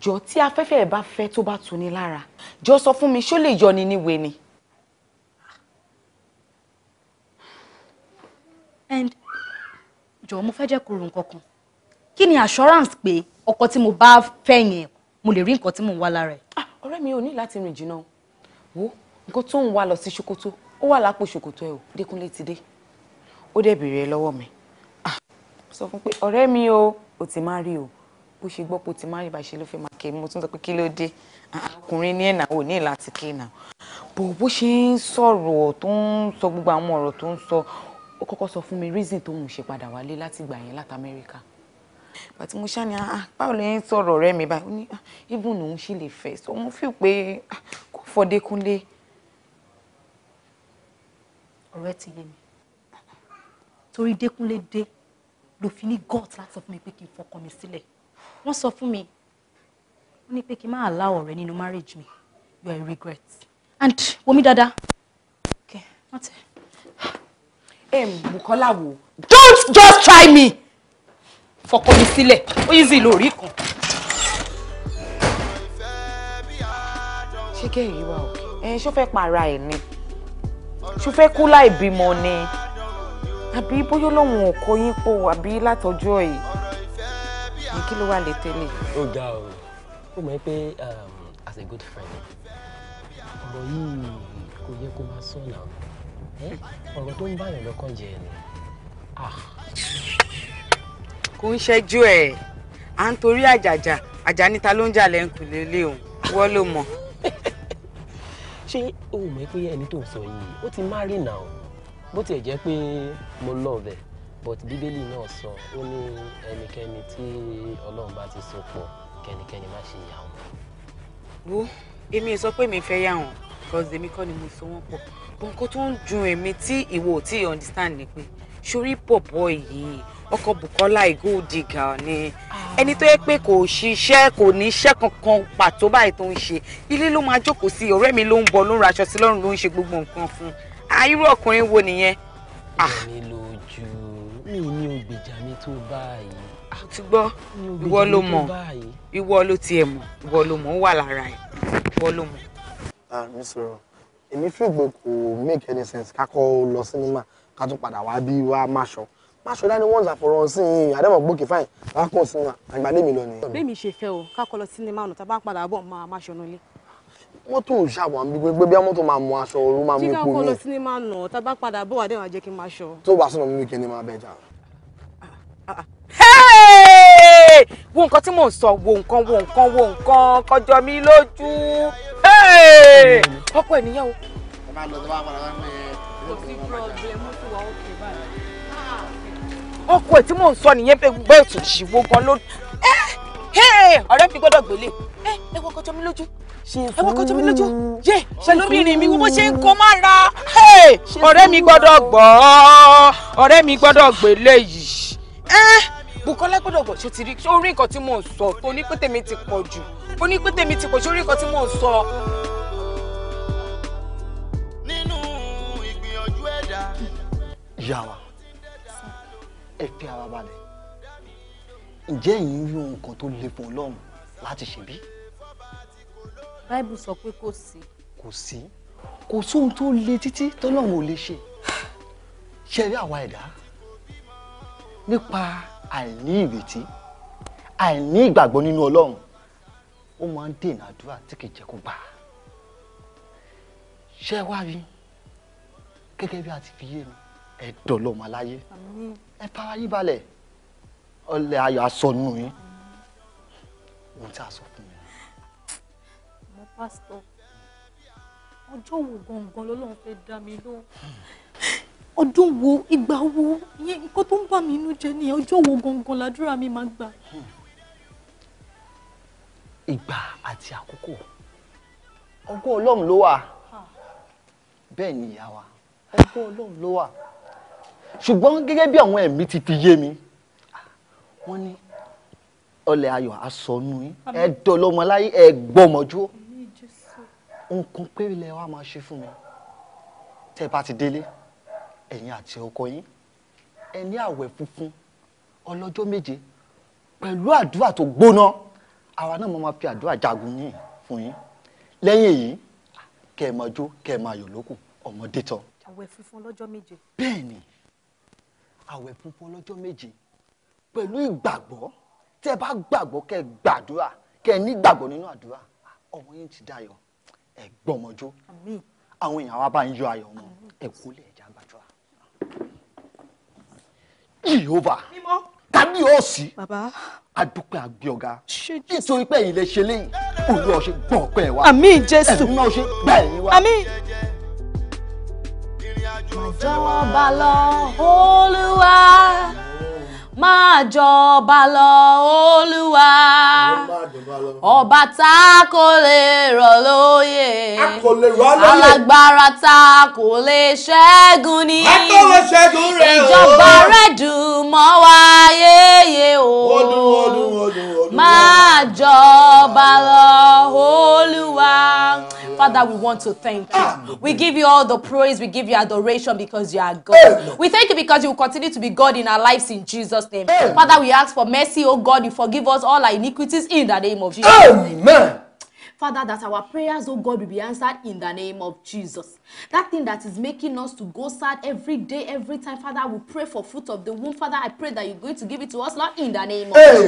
jọ tí afẹ́fẹ́ ẹ̀ bá fẹ́ tó bá tuni lára jọ sọ fún mi ṣó lè yọ ni níwe ni. and jọ̀wọ́ mo fẹ́ jẹ́ kó ro nǹkan kan kí ni assurance pé ọkọ tí mo bá fẹ́ yẹn mo lè rí nǹkan tí mò ń wá lára ẹ̀. Ah, ọ̀rẹ́ mi ò ní láti rìn jìnnà wo nǹkan tó ń wá lọ sí ṣòkòtò ó wà lápò ṣòkòtò ẹ o Dékúnlé ti dé ó dẹ̀ bèrè ẹ lọ́wọ́ mi ah, sọ fún pé ọ̀rẹ́ mi o ò ti má rí o bó ṣe gbọ́ pé o ti má rí bá ṣe ló fẹ́ máa ké mo tún sọ pé kí ló dé ah, ọkùnrin ní ẹ̀nà ò ní láti ké nà bò bó ṣe ń sọ̀rọ̀ tó ń sọ gbogbo àwọn ọ̀rọ̀ tó ń sọ ó kọ́kọ́ sọ fún mi reason tó ń ṣe padà wálé láti gbà yẹn láti Amẹ́ríkà bàtí mo ṣáà ní ah, báwo lè sọ̀rọ̀ ọ̀rẹ́ mi báyìí ó ní ah, even òun ṣì lè fẹ́ so mo feel pé ah, kò fọdékúnlé. ọ̀rẹ́ ti yé mi torí dékúnlé dé ló fi ní gut láti sọ fún mi pé kí n fọkàn mi sílẹ̀ wọ́n sọ fún mi wọ́n ní pé kí n má allow ọ̀rẹ́ nínú marriage mi you are a regret and wọ́n mi dáadáa okay wọ́n tẹ̀. ẹ Bukola wo don't just try me fọkọ mi sílẹ̀ ó yí sí lórí kan. ṣé kẹ́hìn wà òkè ẹ̀yin ṣó fẹ́ para ẹ̀ ni ṣó fẹ́ kú láì bímọ ni àbí bóyá lòun ò kó yín pọ̀ àbí látọjọ́ yìí ní kí ló wà lè tẹ́lẹ̀. ó ga o ó mọ̀ pé um, as a good friend ọ̀rọ̀ yìí kò yẹ kó máa sọ̀nà ọ̀rọ̀ tó ń báyọ̀ lọ́kàn jẹ́ ni. Ah kò ń ṣẹ́jú ẹ̀ à ń torí àjàjà àjà níta ló ń jà lẹ́ǹkù lélẹ̀ o wọ́n ló mọ̀. [laughs] ṣé o mọ̀ pé ẹni tó ń sọ yìí ó ti marry now bó tiẹ̀ jẹ́ pé mo love but bíbélì náà sọ ó ní ẹnikẹ́ni tí ọlọ́run bá ti so pọ̀ kẹ́nikẹ́ni má ṣe yà wọ́n. wo èmi sọ pé mi fẹ́ yà wọ́n cause èmi kọ́ ni mo so wọ́n pọ̀ bọ́ńkó tó ń ju èmi tí ìwọ ò tí ì understand ni pé sórí pọ̀pọ̀ yìí ọkọ Bukola gold digger ni ah. ẹni tó yẹ pé kò ṣiṣẹ́ kò ní iṣẹ́ kankan pàtó báyìí tó ń ṣe ilé ló máa jókòó sí ọ̀rẹ́ mi ló ń bọ̀ ló ń sí lọ́rùn ló ń ṣe gbogbo nǹkan fún irú ọkùnrin wo nìyẹn. mi ah. lójú mi ní ògbèjà mi tó báyìí. Ah. mo ti gbọ́ ìwọ ló mọ̀ ìwọ ló tiẹ̀ mọ̀ ìwọ ló mọ̀ ó wà lára ẹ̀ ìwọ ló mọ̀. mi sọ̀rọ̀ èmi fìgbò kò make any sense ká lọ sinimá ká tún padà wá bí wàá máṣọ Máṣọlá ni once and for all sí i àdàmọ̀ gbòkè fáìn wàá kàn sí àgbà lọ nìyẹn. bẹ́ẹ̀ ṣe fẹ́ o ká lọ sinimá ọ̀nà tá bá ń padà bọ̀ máa máa ṣọ̀nà ilé. mọ́tò ṣàwọ̀ àmì gbogbo bí mọ́tò máa mú aṣọ ooru máa mú ipò mi. jíjá kọ́ lọ sinimá ọ̀nà tá bá padà bọ̀ wà dẹ́wọ̀n jẹ́ kí n máa ṣọ. tó bá sọ̀rọ̀ mímú kẹ́ni máa bẹ̀ jà. wo nǹkan tí mò ń sọ wo nǹkan wo nǹkan kọjọ mi lójú ọkọ ẹ̀ tí mò ń sọ nìyẹn bẹ́ẹ̀tù ṣìwò gan ló. Eh, ọ̀rẹ́ mi gbọ́dọ̀ gbélé eh, ẹ wọ́n kọjọ́ mi lójú ẹ wọ́n kọjọ́ mi lójú yé ṣe lóbìnrin mi bó ṣe ń kó má ra. ọ̀rẹ́ mi gbọ́dọ̀ gbọ́ ọ̀rẹ́ mi gbọ́dọ̀ gbélé yìí. Eh, Bùkọ́lá gbọ́dọ̀ gbọ́ ṣe ti rí orí nǹkan tí mò ń sọ oní pé tèmi ti pọ̀ jù oní pé tèmi ti pọ̀ jù orí nǹkan tí mò ń sọ. nínú ẹ fi ara balẹ̀ ǹjẹ́ ẹ̀yin rí ohun kan tó le fún ọlọ́run láti ṣe bí. báìbù sọ pé kò sí. kò sí kò sóhun tó le títí tọ́lọ́run ò lè ṣe ṣe rí àwa ẹ̀dá nípa àìní ìrètí àìní ìgbàgbọ́ nínú ọlọ́run ó máa ń dènà àdúrà tí kì í jẹ́ kó gbà á ṣé wá rí gẹ́gẹ́ bí a ti fi yé mi ẹ̀dọ̀ lọ́mọ aláyé. àmín ẹ fara yí balẹ̀ ọlẹ̀ ayọ̀ aṣọ nù yín ohun tí a sọ fún mi. mo pásítọ̀ ọjọ́ wo gangan lọ́lọ́run fẹ́ dá mi lóhùn ọdún wo ìgbà wo ìyẹn nǹkan tó ń bà mí inú jẹ́ nìyẹn ọjọ́ wo gangan làdúrà mi máa gbà. ìgbà àti àkókò ọgbọ́n ọlọ́run ló wà bẹ́ẹ̀ ni ìyá wa ọgbọ́n ọlọ́run ló wà ṣùgbọ́n gẹ́gẹ́ bí àwọn ẹ̀mí ti fi yé mi wọ́n ní ọlẹ̀ ayọ̀ asọ̀nù yín ẹ dọ̀lọ́mọláyé ẹ gbọ́mọjú nǹkan péré lẹ wá máa ṣe fún mi tẹ́ ẹ bá ti délé ẹ̀yin àti ọkọ yín ẹ ní àwẹ̀ funfun ọlọ́jọ́ méje pẹ̀lú àdúrà tó gbóná àwa náà mo máa fi àdúrà jagun yín fún yín lẹ́yìn èyí kẹ́ ẹ máa jó kẹ́ ẹ máa yọ̀ lókun ọmọdé tán. àwẹ̀ funfun ọlọ́jọ́ méje. bẹ́ẹ̀ ni àwẹ̀ funfun ọlọ́jọ́ méje pẹ̀lú ìgbàgbọ́ tẹ́ bá gbàgbọ́ kẹ́ gbàdúrà kẹ́ nígbàgbọ́ nínú àdúrà ọmọ yín ti dayọ̀ ẹ gbọmọjó àwọn èèyàn wa bá ń yọ ayọ̀ wọn ẹ kúlẹ̀ ẹ̀já gbàdúrà. jehova kábíyèsí adúpẹ́ agbẹ́ọ̀gá nítorí pé ẹ̀yin lè ṣe léyìn olú ọ̀ṣẹ́ gbọ́ ọ̀pẹ́ wa ẹ̀mí náà ṣe gbẹ̀yìn wa máa jọba lọ olúwa máa jọba lọ olúwa ọba tá a kò lè rọ̀ lóyè alágbára tá a kò lè ṣẹ́gun ní ìjọba rẹ̀ dùn mọ́ wa yéye o máa jọba lọ Olúwa. Father, we want to thank you. We give you all the praise. We give you adoration because you are God. We thank you because you will continue to be God in our lives in Jesus' name. Father, we ask for mercy, oh God. You forgive us all our iniquities in the name of Jesus. Amen. Father, that our prayers, oh God, will be answered in the name of Jesus. That thing that is making us to go sad every day, every time, Father, we pray for fruit of the womb. Father, I pray that you're going to give it to us, Lord, in the name of Amen.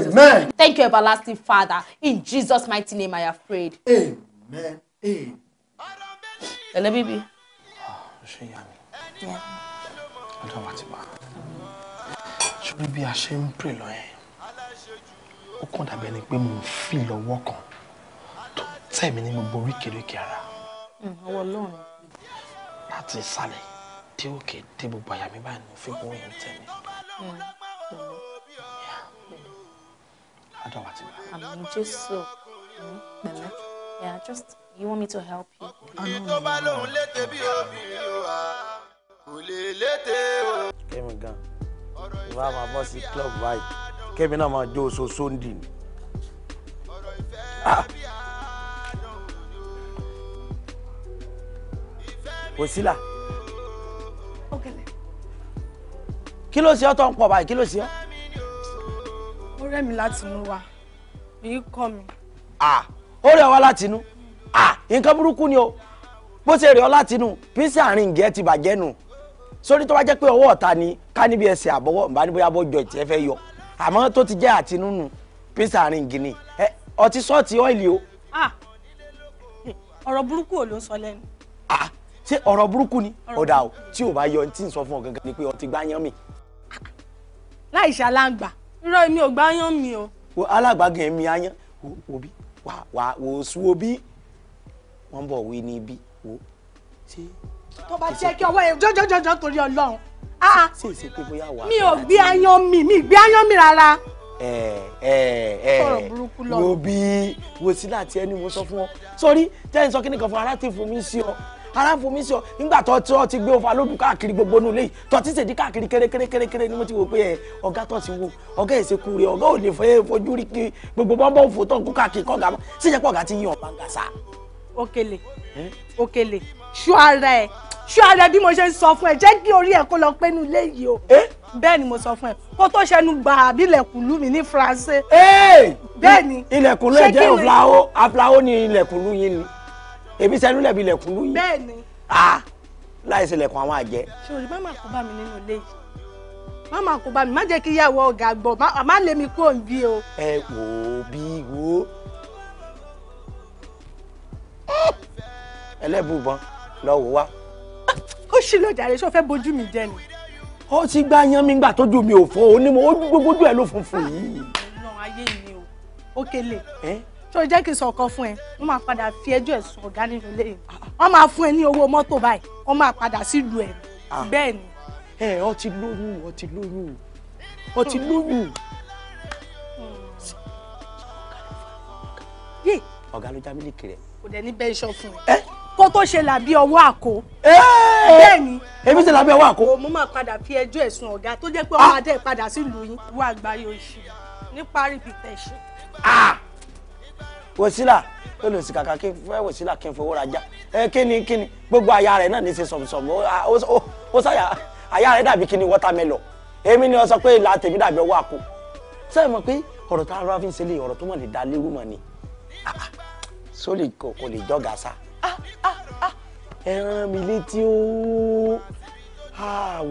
Jesus. Thank you, everlasting Father. In Jesus' mighty name, I have prayed. Amen. Amen. Hello, baby. Oh, she yummy. Yeah. I don't want to buy. Should we be ashamed, pray Lord? O yẹn? Ó kàn dàbí ẹni pé mo ń fi lọ́wọ́ kan tẹ̀mí ní gbogbo oríkèéríkèé ara. ọwọ́ mm, ọlọ́run. láti ìsàlẹ̀ dé òkè dé gbogbo àyà mi báyìí ló fi kó yẹn tẹ̀mí. Mm, adọ́wà ti wá. Mm. àmì jésù pẹ̀lẹ́ yeah just you want me to help you. ọ̀nà tó bá lóun létè bí obìnrin wa kò lè létè o. kẹ́mi gan ìwà máa bọ́ sí club vibe kẹ́mi náà máa jó oṣooṣo ń dì ní. kò sí là. kí ló ṣe ọ́ tó ń pọ̀ báyìí kí ló ṣe ọ́. ó rẹ̀ mí láti inú wa èyí kọ́ mi. ó rẹ̀ wá láti inú nǹkan burúkú ni o bó ṣe rẹ̀ ọ́ láti inú pínsì àárín ìgẹ́ ti bàjẹ́ nù sórí tó bá jẹ́ pé ọwọ́ ọ̀ta ni ká níbi ẹsẹ̀ àbọ̀wọ̀ nbá ní bóyá bọ́jọ ìtẹ́ fẹ́ yọ àmọ́ tó ti jẹ́ àtinúnú pínsì àárín ìgì ni ọtí sọ́ọ̀tì ọ́ìlì o. ọ̀rọ̀ burúkú ò ló sọ lẹ́nu ṣé ọ̀rọ̀ burúkú ni ọ̀dà o tí ò bá yọ tí ń sọ fún ọ gangan ni pé ọtí gbá yán mi. láì ṣàlàǹgbà irọ́ mi ò gbá yán mi o. alágbàgàn mi á yán òbí wà wà wò sùn òbí wọ́n bọ̀ wí ní ibi wò ṣé. tó bá jẹ́ kí ọwọ́ yẹn jọ́jọ́jọ́jọ́ torí ọlọ́run ṣe mi ò gbé ayan mi mi gbé ayan mi rárá. ẹ ẹ ẹ wo bí wo sí láti ẹni mo sọ fún ọ sórí tẹ́ ẹ ń sọ kí nìkan fún ara tí fún mi sí ọ ara ń fomi sí ọ nígbà tó tí ọ ti gbé ọfà lódù káàkiri gbogbo nulẹ̀ yìí tó ti ṣèdí káàkiri kéré kéré kéré ni mo ti wò pé ẹ ọ̀gá tó ti wo ọ̀gá ìṣekú rẹ ọ̀gá ò lè fojú rí kí gbogbo bọ́ńbọ́ òfò tó ń kú káàkiri kọ́ga mọ́ síjẹ́ pọ̀ ọ̀gá ti yan ọ̀gá gàṣà. òkèlè òkèlè ṣú ara ẹ ṣú ara bí mo ṣe ń sọ fún ẹ jẹ́ kí orí ẹ kó lọ pé inú yìí o bẹ́ẹ̀ ni mo sọ fún ẹ kó tó ṣẹnu gba àbí ilẹ̀kùnlú mi ní faransé. bẹ́ẹ̀ ni ilẹ̀kùnlú ẹ jẹ́ òfúláwó àfúláwó ni ilẹ̀kùnlú yìí ni èmi sẹ́nu lẹ̀bi lẹ̀kún lù yìí. bẹ́ẹ̀ni. a láì ṣe lẹ̀kùn àwọn àjẹ́. sori má máa kó bá mi nínú ilé yìí má máa kó bá mi má jẹ́ kí ìyàwó ọ̀gá gbọ́ má lé mi kúrò níbí o. ẹ wò ó bí wo. ẹlẹ́bùbọn lọ wò wá. ó ṣì lọ jàre ṣó fẹ́ bójú mi jẹ ni. ó ti gbá yan mi gbà tójú mi ò fọ́ onímọ̀ ojú gbogbo ojú ẹ̀ ló funfun yìí. ọlọ́run ayé mi o ó kélé tó jẹ́ kí n sọ ọkọ fún ẹ wọ́n máa padà fi ẹjọ́ ẹ̀sùn ọ̀gá nínú ilé yìí wọ́n máa fún ẹ ní owó mọ́tò báyìí wọ́n máa padà sílùú ẹ̀ ah. bẹ́ẹ̀ ni. ẹ ọ ti lóyún ọ ti lóyún ọ ti lóyún. ọ̀gá ló já mílíkì rẹ̀. kò dẹ̀ ní bẹ́ẹ̀ iṣọ́ fún ẹ kó tó ṣe làbí ọwọ́ àkó. bẹ́ẹ̀ ni èmi ṣe làbí ọwọ́ àkó. òun máa padà fi ẹjọ́ ẹ̀sùn ọ̀gá tó jẹ́ pé ọmọdé ah. padà sílùú yín wọ́n àgbáyé oṣù níparí pìtẹ́ṣù wòsílà olùsí kàkà kí n fẹ́ wòsílà kí n fowó rajà ẹ kíni kíni gbogbo aya rẹ̀ náà ní í ṣe sọ̀mùsọ̀mù ó sáyà aya rẹ̀ dàbí kíni wọ́tàmẹ́lọ̀ èmi ni wọ́n sọ pé ìlà tèmi dàbí ọwọ́ àpò sẹ́yìn mọ̀ pé ọ̀rọ̀ tá a rọ́ fi ń ṣe lè ọ̀rọ̀ tó mọ̀ lè da lérú mọ̀ ni sólì ah, kò lè jọ́ gàṣà ẹran mi létí ó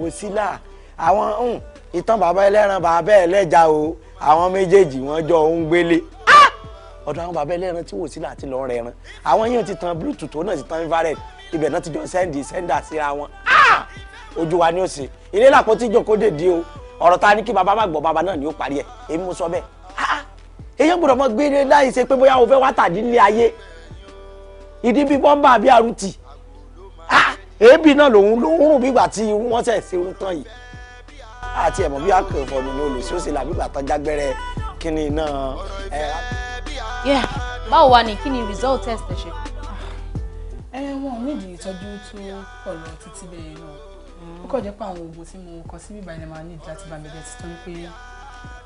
wòsílà àwọn ìtàn bàbá ẹlẹ́ran bàbá ẹlẹ́ja o àwọn méjèèjì wọ́n jọ ń gbélé ọ̀dọ̀ àwọn bàbá ẹlẹ́ran tí wò sí láti lọ rẹran àwọn yóò ti tan bluetooth náà ti tan infrared ibẹ̀ náà ti jọ sẹ́ndì sẹ́ndà síra wọn ah! ojú wa ni ó ṣe ilé làpótí ìjókòó dèdí o ọ̀rọ̀ ta ni kí bàbá má gbọ́ bàbá náà ni ó parí ẹ̀ èmi mo sọ bẹ́ẹ̀ ah! èyàn gbọ́dọ̀ mọ gbére láì ṣe pé bóyá o fẹ́ wá tàdí nílé ayé ìdí bí bọ́mbà àbí arúntì ah! èébì náà lòun ló ń rùn bígbà tí wọ́n ṣẹ̀ ṣe ń tán yìí àti ẹ̀mọ́ bí akẹ́kọ̀ọ́ ni olùsí ó sì tán jágbẹ́rẹ́ kíní náà yeah báwo wá ni kí ni result test ẹ ṣe. ẹ [sighs] eh, wọn ò nídìí ìtọ́jú tó pọ̀ lọ títí bẹ́ẹ̀ náà mm. ó kọ̀ jẹ́ pé àwọn oògùn tí mo kọ sí bíbá ilẹ̀ máa ní ìdí láti bá mi gẹ̀ẹ́sì tó ń pé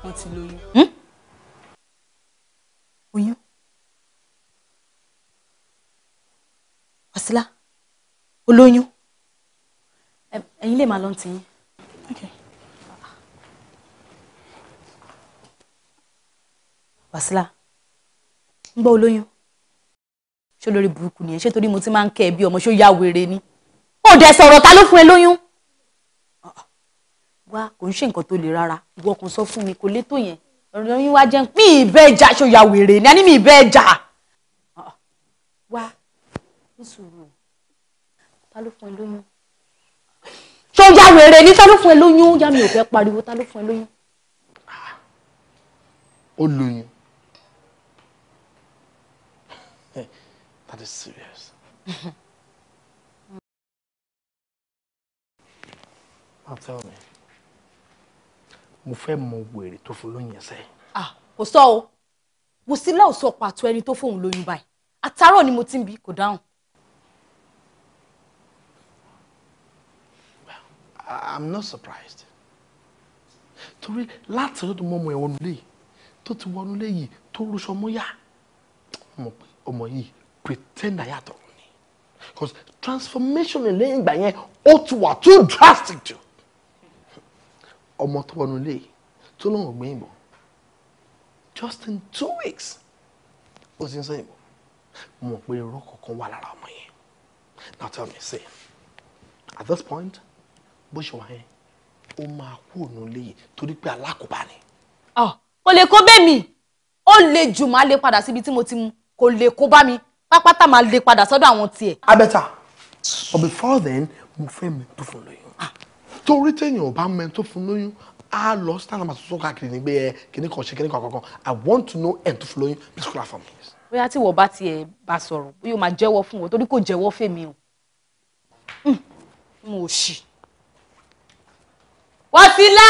wọ́n ti lóyún. Hmm? oyún Wasila olóyún ẹ̀yin lè máa lọ tìyín. Wasila ń gbọ́ olóyún ṣó lórí burúkú nìyẹn ṣé torí mo ti máa ń kẹ́ ẹ bí ọmọ ṣó yá ni ó dẹ̀ sọ̀rọ̀ ta ló fún ẹ lóyún wá kò ń ṣe nǹkan tó le rárá ìwọ kan sọ fún mi kò létò yẹn ọ̀rọ̀ wá jẹun mi ìbẹ́ ẹja ṣó ya wèrè ni a ní mi ìbẹ́ ẹja wá ní sùúrù ta ló fún ẹ lóyún ṣó ya wèrè ni ta ló fún ẹ lóyún yá mi ò fẹ́ pariwo ta ló fún ẹ lóyún. ó lóyún That is serious. Now tell me. Mo fẹ́ mọ wèrè To follow lóyún say. Ah, kò sọ o. Mo sì láò sọ pàtó ẹni tó fóun lóyún báyìí. Àtàárọ̀ ni mo ti bi kò dáhùn. I'm not surprised. Torí láti to mọ́mọ́ ẹ̀ wọnú lé to tó ti wọnú lé yìí tó rúṣọ mọ́ Mo mọ̀ pé ọmọ pretend I ayatọ ni because transformation in lẹ́yìn ìgbà yẹn ó ti wà too drastic jù ọmọ tó wọnú ilé tó lọ́wọ́ gbẹ̀yìn bọ̀ just in two weeks ó ti ń sọ ìbò mo mọ̀ pé irọ́ kankan wà lára ọmọ yẹn now tell me say at this point bó ṣe wà yẹn ó máa kú òun lé yìí torí pé alákòóbá ni. ọ ah, ò lè kó bẹ́ẹ̀ mi ó lè jù máa lè padà síbi tí mo ti mu kò lè kó bá mi pápátá máa lè padà sọ́dọ̀ àwọn tiẹ̀. abẹ́ta but before then mo fẹ́ mi tó fún lóyún ah. torí téèyàn ò bá mẹ tó fún lóyún a lọ stand up àtúntò káàkiri nígbẹ́ ẹ kíní kan ṣe kíní kan kankan i want to know ẹ̀ tó fún lóyún please call her for me. bóyá tí wọ́n bá tiẹ̀ bá sọ̀rọ̀ yóò máa jẹ́wọ́ fún wọn torí kò jẹ́wọ́ fèmí o hmm. mo ṣì wọ́n ti lá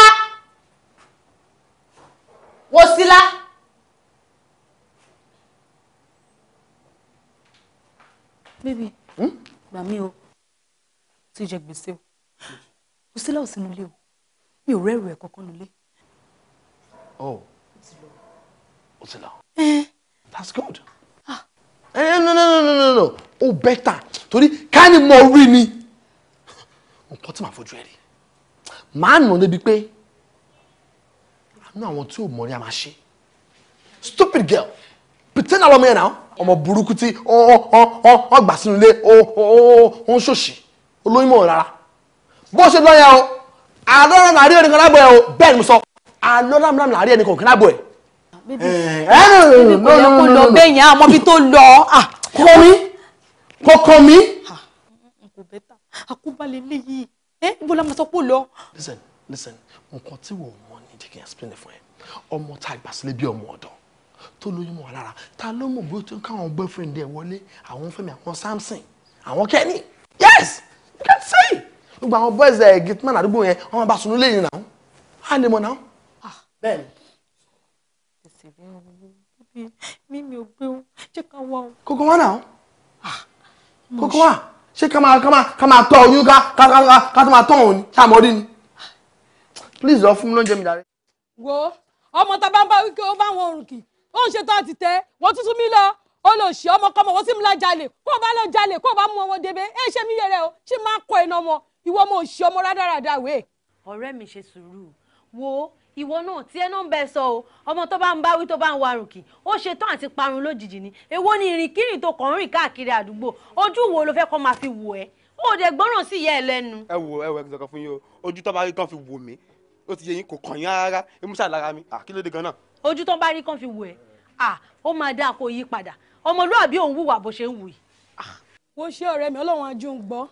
wọ́n ti lá. bébì hmm? gbà mí o ti jẹ gbèsè o kò sílẹ̀ òsínú ilé o mi ò rẹ́rù ẹ̀ kankan nílé. ọ o ti lọ. that's good. Ah. Eh, no no no no no no o better torí ká ní mo rí ni nǹkan tí màá fojú ẹ Man màá nà débi pé I àwọn tí ò mọ̀ ní a máa stupid girl pìtẹ́ náà lọ́mọ yẹn náà ọmọ burúkú tí wọ́n gbà sínú ilé ó ń ṣòṣì olóyún mọ̀ rárá bó ṣe lọ́yà o àlọ́ràn àrí ẹnì kan lábọ̀ ẹ̀ o bẹ́ẹ̀ ni mo sọ àlọ́ràn àrí ẹnì kan lábọ̀ ẹ̀. bíbí kò yẹ kó lọ bẹ́ẹ̀ yẹn àmọ́ bí tó lọ. Ah. kọ́ mi kọ́kọ́ mi. àkóbálẹ̀ léyìí ẹ́ bọ́lá mo sọ pé ó lọ. listen listen nǹkan tí wò ó mọ ni jẹ́ kí n explain it fún ẹ ọmọ tá a gbà sílé bí ọmọ ọ̀dọ́ tó lóyún mọ́ lára ta ló mọ̀ bí ó ti ń káwọn boyfriend ẹ̀ wọlé àwọn Fẹ́mi àwọn Samson àwọn Kenny yes you can say gbogbo àwọn boys ẹ̀ gateman àdúgbò yẹn wọ́n máa bá sunú lẹ́yìn náà á lè mọ̀ náà. Ah. bẹ́ẹ̀ni. mímí ò gbé wọn jẹ́ ká wá wọn. kókó wọn náà ah, kókó wọn ṣé ká máa ká máa ká máa tọ oyún ká ká ká ká tó máa tọ̀ òun ni ṣáà ọdún ni ah. please lọ fún mi lóúnjẹ mi dáre. wo ọmọ tá a bá ń bá wí pé ó bá wọn òrùn kì ó ń ṣetán àti tẹ wọ́n tuntun mi lọ ó lọ ṣe ọmọkọmọ wọ́n sì ń la jalè kó o bá lọ jalè kó o bá mú ọmọ débẹ̀ ẹ ṣe mí yẹrẹ o ṣe máa kọ iná ọmọ ìwọ ọmọ òṣì ọmọ rádaràda wé. ọ̀rẹ́ mi ṣe sùúrù wo ìwọ náà tí ẹ náà ń bẹ sọ o ọmọ tó bá ń báwí tó bá ń warùn kì ó ṣetán àti parun lójijì ni èwo ni ìrìnkìrìn tó kàn ń rìn káàkiri àdúgbò ojú wo ló fẹ́ kọ́ máa fi wò ẹ́ ó dẹ̀ gbọ́ràn sí ìyá ẹ lẹ́nu. ẹ wo ẹ wo ẹ sọkàn fún yín o ojú tó bá rí kan fi wò mí ó ti yẹ yín kò kàn yín rárá ẹ mú mi àkílódé gan náà ojú tó ń bá rí kàn fi wù ẹ́ ó máa dáa kó yí padà ọmọlúwàbí òun wùwà bó ṣe ń wù yìí. wo ṣe ọ̀rẹ́ mi ọlọ́run ajú ń gbọ́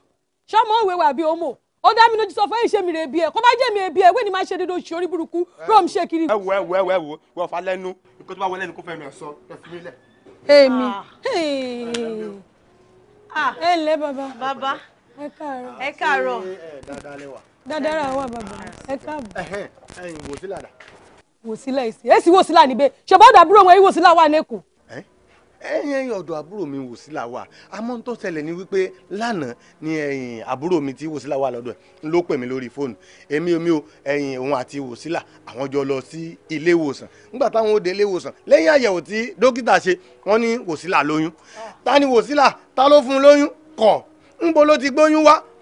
ṣọ́mọ òwe wà bí ọmọ ó dá mi lójú sọ fún ìṣe mi rè bí ẹ kó bá jẹ́ mi ebi ẹ wé ni máa ṣe dédé oṣù orí burúkú rome ṣe kiri. ẹ wo ẹ wo ẹ wo ẹ wo wọ ọfà lẹ́nu nǹkan tó bá wọlé ní kó fẹnu ẹ sọ ẹ fi mí lẹ. èmi ah. Ah. ẹ ǹlẹ́ bàbá. bàbá ẹ káàárọ̀. ẹ káàárọ̀. dáadáa lẹ́wà. dáadáa wà bàbá ẹ káàbọ̀. ẹ̀yin wò sí ládàá wòsílà èsì èsì wòsílà níbẹ̀ ṣùgbọ́n ọ̀dọ̀ àbúrò wọn èyí wòsílà wà lẹ́kọ̀ọ́. ẹ̀yin ẹ̀yin ọ̀dọ̀ àbúrò mi wòsílà wà àmọ́ n tó ṣẹlẹ̀ ni wípé lánàá ni ẹ̀yin àbúrò mi tí wòsílà wà lọ́dọ̀ ẹ̀ ló pè mí lórí fóònù èmi omi o ẹ̀yin òun àti wòsílà àwọn jọ lọ sí ilé ìwòsàn nígbà táwọn ó dé ilé ìwòsàn lẹ́yìn àyẹ̀wò tí dókítà ṣe wọ́n ní wòsílà lóyún ta ni wòsílà ta ló fún un lóyún kọ̀ ńbo ló ti gbóyún wá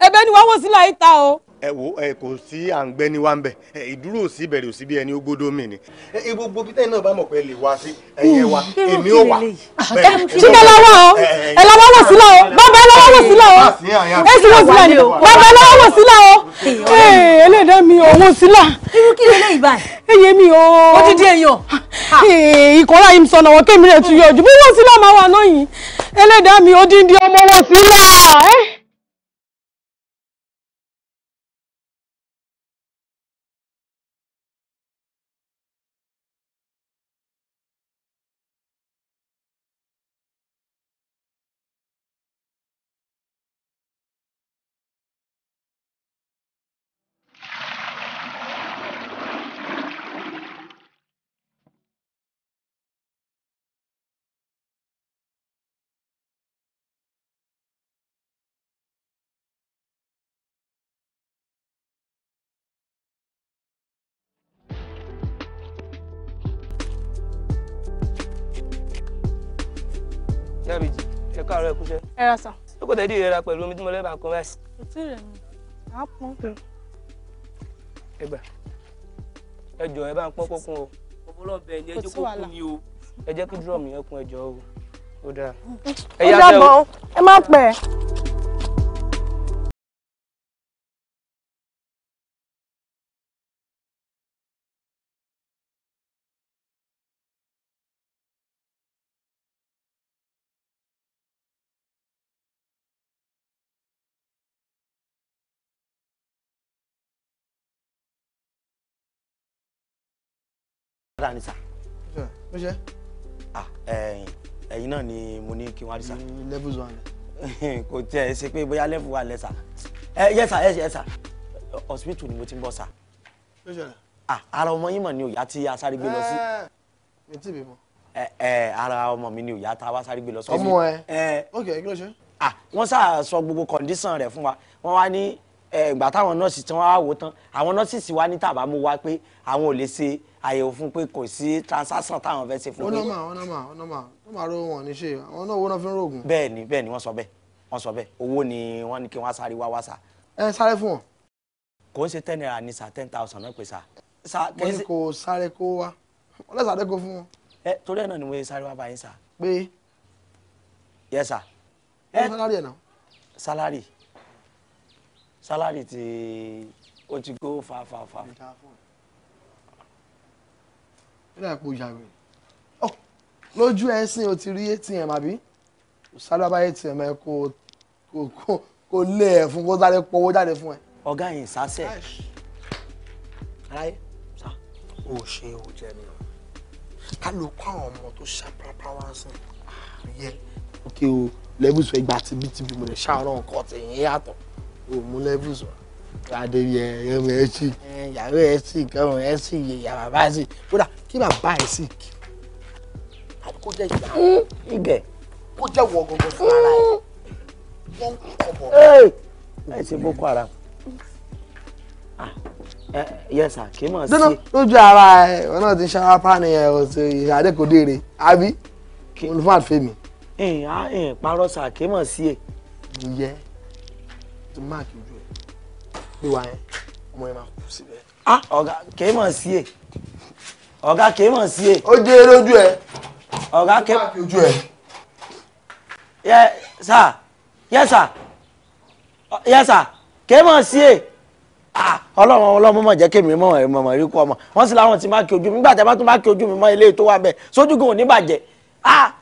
ebe ni wọn sila sí o. ẹ wo ẹ kò sí à ń gbẹ ní wa ń bẹ ìdúró òsì ìbẹ̀rẹ̀ òsì bí ẹni mi ni. ẹ gbogbo bí tẹ́yìn náà bá mọ̀ pé lè wá sí wa èmi ò wà. síbẹ̀ lọ́wọ́ o ẹ lọ́wọ́ sílẹ̀ o bàbá ẹ lọ́wọ́ o ẹ sì sila sílẹ̀ ni bàbá ẹ lọ́wọ́ o ee eléyìí mi ò wò sílẹ̀. irú kí lè báyìí. mi o. èèyàn. yìí mi ọmọ sílẹ̀. àárọ̀ ẹ̀kúṣẹ́. ẹ ra sàn. ó kò tẹ́ di ìrẹ́ra pẹ̀lú omi tí mo lẹ́bàá kan ráìsì. kò tí ì rẹ̀ mí à á pọ́n. ẹ gbà ẹ jọ ẹ bá ń pọ́n kókún o. ọ̀pọ̀lọpẹ̀ ni ẹ jẹ́ kókún ni o. ẹ jẹ́ kí dúrọ̀mù yẹn kún ẹ o ó dáa. Mm-hmm. ó dáa bọ̀ ẹ má pẹ́. padà ní sà. ó ṣe. ẹ̀yin náà ni mo ní kí wọ́n á rí sà. levels one. [laughs] kò tiẹ̀ ṣe pé bóyá level one lẹ sà. yes sà yes sà hospital ni mo ti ń bọ̀ sà. ó ṣe. ara ọmọ yín mọ̀ ni òyà tí a sáré gbé lọ sí. mi ti bímọ. ara ọmọ mi ni òyà tá a wá sáré gbé lọ sí. ọmọ ẹ ok kí ló ṣe. wọ́n sà sọ gbogbo condition rẹ̀ fún wa wọ́n wá ní ìgbà táwọn nọ́ọ̀sì tí wọ́n wá wò tán àwọn nọ́ọ̀sì sì wá ní tàbá mú wa pé àwọn ò lè ṣe àyẹ̀wò fún pé kò sí transaction táwọn fẹ́ ṣe fún mi. ọ̀nàmà ọ̀nàmà ọ̀nàmà wọ́n máa ro wọn ní ṣe àwọn náà owó náà fi ń rògùn. bẹ́ẹ̀ ni bẹ́ẹ̀ ni wọ́n sọ bẹ́ẹ̀ wọ́n sọ bẹ́ẹ̀ owó ni wọ́n ní kí wọ́n sáré wá wá sá. ẹ sáré fún wọn. kò ń ṣe ten naira ni sa ten thousand náà pè sa. mo ní kò sáré kó wá wọ́n lè sáré kó fún wọn. ẹ torí ẹ náà ni mo sáré wá bá yín sa. pé. yẹ sa. ẹ sálárì ẹ náà. sálárì sálárì ti o ti go fa fa fa nígbà pé o yàwé ọ lójú ẹsìn o ti rí atm àbí sálábà atm ẹ kò kò kò kò lé ẹ fún kó sáré pọwọ́ jáde fún ẹ. ọ̀gá yìí sásẹ̀ aláyé sá o ṣe o jẹ mi o ká ló kó àwọn ọmọ tó ṣá pàápàá wá sí ah, yẹ òkè o lẹ́bùsù ẹgbàá tibítibí mo lè ṣàárọ̀ nǹkan tẹ̀yìn yàtọ̀ o mú lẹ́bùsù rẹ̀ adéyẹ ẹmọ ẹ sì yàrá ẹ sì kẹwọn ẹ sì yàrá bá sì kódà kí bàbá ẹ sì kí kó jẹ ìyá ibẹ kó jẹ wọ gbogbo fún ẹ wọn kọ bọ. ẹ ṣe boko haram ah, yẹsà kì í mọ̀ sí. lójú ara ẹ wọn náà ti ń ṣara pani ẹ ọ̀sẹ̀ àdékòdére àbí olùfàd fèmí. ẹ ẹ parọ́ sà kì í mọ̀ sí ẹ. E. mo yẹ ti máàkì ojú pé wa yẹn ọmọ yẹn máa kú síbẹ̀. Ah! ọ̀gá kèé mọ̀ sí è ọ̀gá kèé mọ̀ sí è. ó jẹ́ lójú ẹ. ọ̀gá kèé mọ̀ ojú ẹ. yẹ sà yẹ sà yẹ sà kèé mọ̀ sí è ah, ọlọ́run ọlọ́run mọ̀ jẹ́ kémi mọ̀ ẹ̀ mọ̀ rí kú ọmọ wọ́n sì láwọn ti máa kí ojú mi nígbà tí a bá tún máa kí ojú mi mọ́ ilé tó wà bẹ́ẹ̀ sójú gan ò ní bàjẹ́ ah!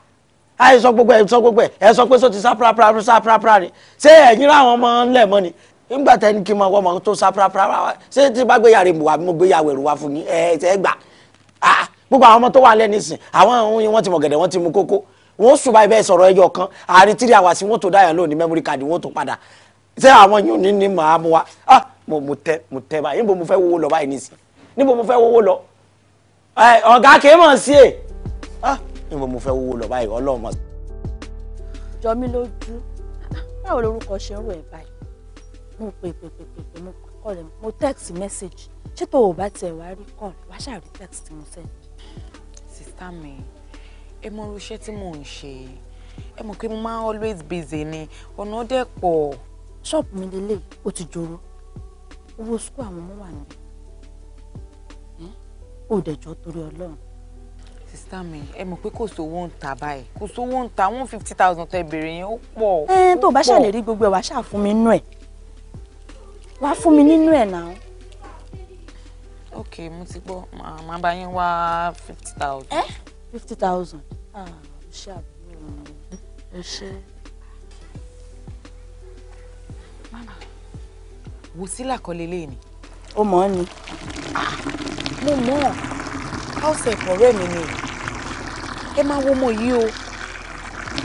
àì sọ gbogbo ẹ̀ sọ gbogbo ẹ̀ ẹ sọ pé sọ ti sá prapra sá prapra ni ṣé ẹ̀yin ráwọn ọmọ ńlẹ̀ mọ́ ni nígbà tẹni kí n máa wọ ọmọ tó sá pàràpàrà ṣé tí bá gbé yàrá ìmùwà mo gbé yàwó ẹrù wá fún yín ẹ ẹ gbà á gbogbo àwọn ọmọ tó wà lẹ́nu ìsìn àwọn ohun yìí wọ́n ti mọ̀ gẹ̀dẹ̀ wọ́n ti mu kókó wọ́n sùn báyìí bẹ́ẹ̀ sọ̀rọ̀ ẹyọ kan àárín tírí àwàsí wọ́n tó dáyà lónìí mẹ́mórí káàdì wọ́n tó padà ṣé àwọn yìí ní ní màá mu wa ah mo mo tẹ mo tẹ báyìí níbo mo fẹ́ wọ́wọ́ lọ báyìí nísìn níbo mo ah níbo mo fẹ́ wọ́wọ́ lọ báyìí ọlọ́mọ. jọmí lójú báwo mo pè pè pè pè pè mo kọ́ rẹ̀ mo text message ṣé tó o bá tiẹ̀ wá rí kọ́ rẹ̀ wá ṣàrí text tí mo send. sista mi ẹ mọ irú iṣẹ́ tí mò ń ṣe ẹ mọ̀ pé mo máa always busy ni ọ̀nà dẹ̀ pọ̀. ṣọ́ọ̀bù mi lélẹ̀ ó ti jòrò owó sukú àwọn ọmọ wà níbi ó dẹ̀jọ́ torí ọlọ́run. sista mi ẹ mọ̀ pé kò sówó ń ta báyìí kò sówó ń ta one fifty thousand tẹ bèrè yẹn ó pọ̀. ẹ tó o bá ṣàlè gbogbo ẹ wàá ṣàfún mi nú ẹ wá fún mi nínú ẹ̀ na. Okay, mo ti gbọ́ màá bá yín wá fifty thousand. Eh, fifty thousand ah o ṣe àbúrò o ṣe. mama wòsílà kọ́ lélẹ́yìn ni. ó mọ̀ ọ́ ni. Ah, mo mọ̀ ọ́ house ẹ̀kọ́ ọ̀rẹ́ mi ni ẹ máa wo ọmọ yìí o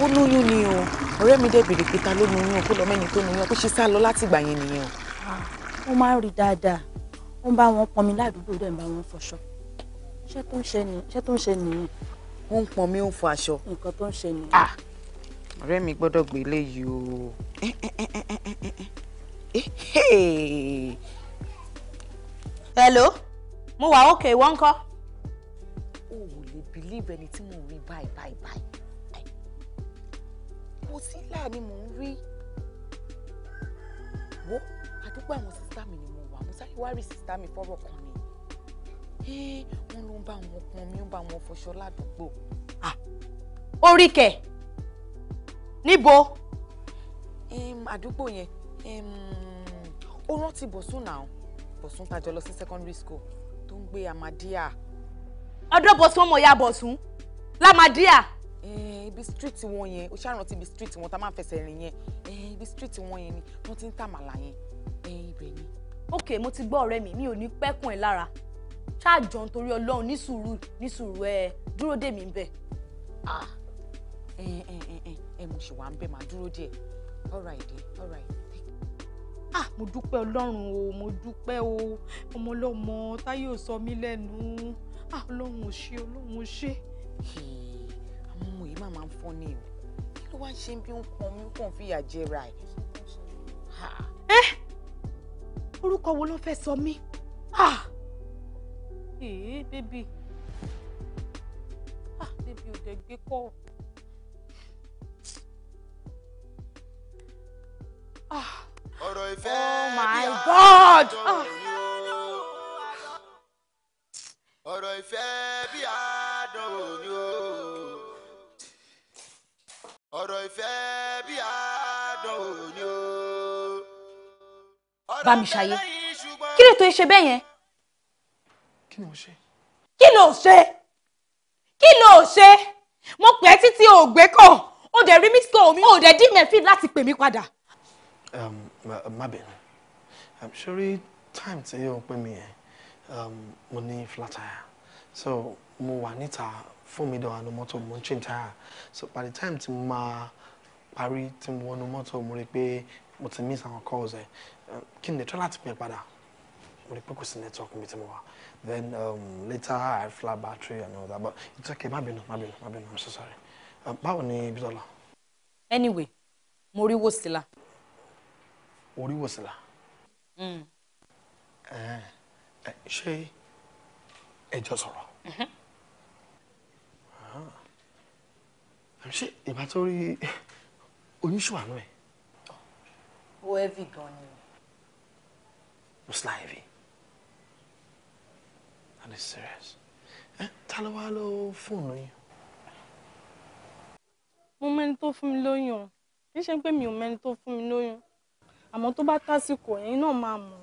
ó lóyún ni o ọ̀rẹ́ mi dẹ̀ bèrè pé ta ló lóyún o kó lọ mẹ́ni tó lóyún kó ṣe sá lọ látìgbà yẹn nìyẹn o wọ́n máa ń rí dáadáa wọ́n bá wọn pọnmi ládùúgbò dẹ̀ ń bá wọn fọṣọ iṣẹ́ tó ń ṣe nìyẹn. ó ń pọnmi ó ń fọ aṣọ. nǹkan tó ń ṣe nìyẹn. Ah! ọ̀rẹ́ mi gbọ́dọ̀ gbé léyìí o hello mo wà ókè ìwọ ń kọ́. o ò lè believe ẹni tí mò ń rí báyìí báyìí báyìí. mo sí láàánú mò ń rí àdúgbò àwọn sísá mi ni mo wà mo sáré wá rí sísá mi fọ́rọ̀ kan ni wọ́n ló ń bá wọn pọn mi ń bá wọn fọṣọ ládùúgbò. Ah! orí kẹ níbo. àdúgbò yẹn ó rántí bọ̀sùn náà bọ̀sùn tajọ lọ sí secondary school tó ń gbé amadíà. ọ̀dọ̀ bọ̀sùn ọmọ ìyá bọ̀sùn lámadíà. Eh, ibi street wọn yẹn o ṣáà rántí ibi street wọn tá a máa fẹsẹ̀ rìn yẹn eh, ibi street wọn yẹn ni wọ́n ti ń tàmàlà yẹn ẹ̀yìn ibẹ̀ ni. ok mo ti gbọ́ ọ̀rẹ́ mi mi ò ní pẹ́kùn ẹ̀ lára ṣáàjọ nítorí ọlọ́run ní sùúrù ní sùúrù ẹ dúró dè mí bẹ́ẹ̀. ah ẹ ẹ ẹ ẹ ẹ mo ṣì wà ń bẹ màá dúró díẹ̀ all right dear ah mo dúpẹ́ ọlọ́run o mo dúpẹ́ o ọmọlọ́mọ táyé ò sọ mí lẹ́nu ah ọlọ́run ò ṣe ọlọ́run ò ṣe. àwọn ọmọ yìí máa máa ń fọ́n ní o kí ló wá ń ṣe bí ó ń kan mí kàn fìyà jẹra ẹ̀ orúkọ wo ló fẹ́ sọ mí. Ah! ee bébì bébì ò dẹ̀ gbé kọ́ ah. ọ̀rọ̀ ìfẹ́ bí oh a ah. ni o ọ̀rọ̀ ìfẹ́ bí a ni o bá mi ṣayé kí lè tó ṣe bẹ́ẹ̀ yẹn. kí ló ṣe. kí ló ṣe kí ló ṣe mo pè títí o ò o dẹ̀ rí mí kàn mi o dẹ̀ dí mẹ́fì láti pè mí padà. Um, má bẹ̀rẹ̀ i'm sure time tí o pè mí yẹn um, mo ní flat so mo wà níta fún mi dọ̀wà ní mọ́tò mo ń change tire so by the time tí mo máa parí tí mo wọnú mọ́tò mo rí i pé mo ti miss àwọn calls ẹ̀ kí ni tọ́lá ti pín padà mo rí pé kò sí network mi tí mo wà then um, later I flat battery and all that but it's okay má bínú má bínú má bínú I'm so sorry um, báwo ni Bísọ́lá. anyway mo rí Wòsílà. o rí Wòsílà. Hmm. Eh, eh, ṣé ẹjọ́ sọ̀rọ̀ mm-hmm. ah. ṣé ìbátan rí oníṣòwò àná ẹ̀. ó ẹ́ fi gan ni o was lively. That eh? is serious. Eh? Ta ló wá lọ fóònù yín. Mo mẹ́ni tó fún mi lóyún. Kì í ṣe pé mi ò mẹ́ni tó fún mi lóyún. Àmọ́ tó bá tásìkò ẹ̀yin náà máa mọ̀.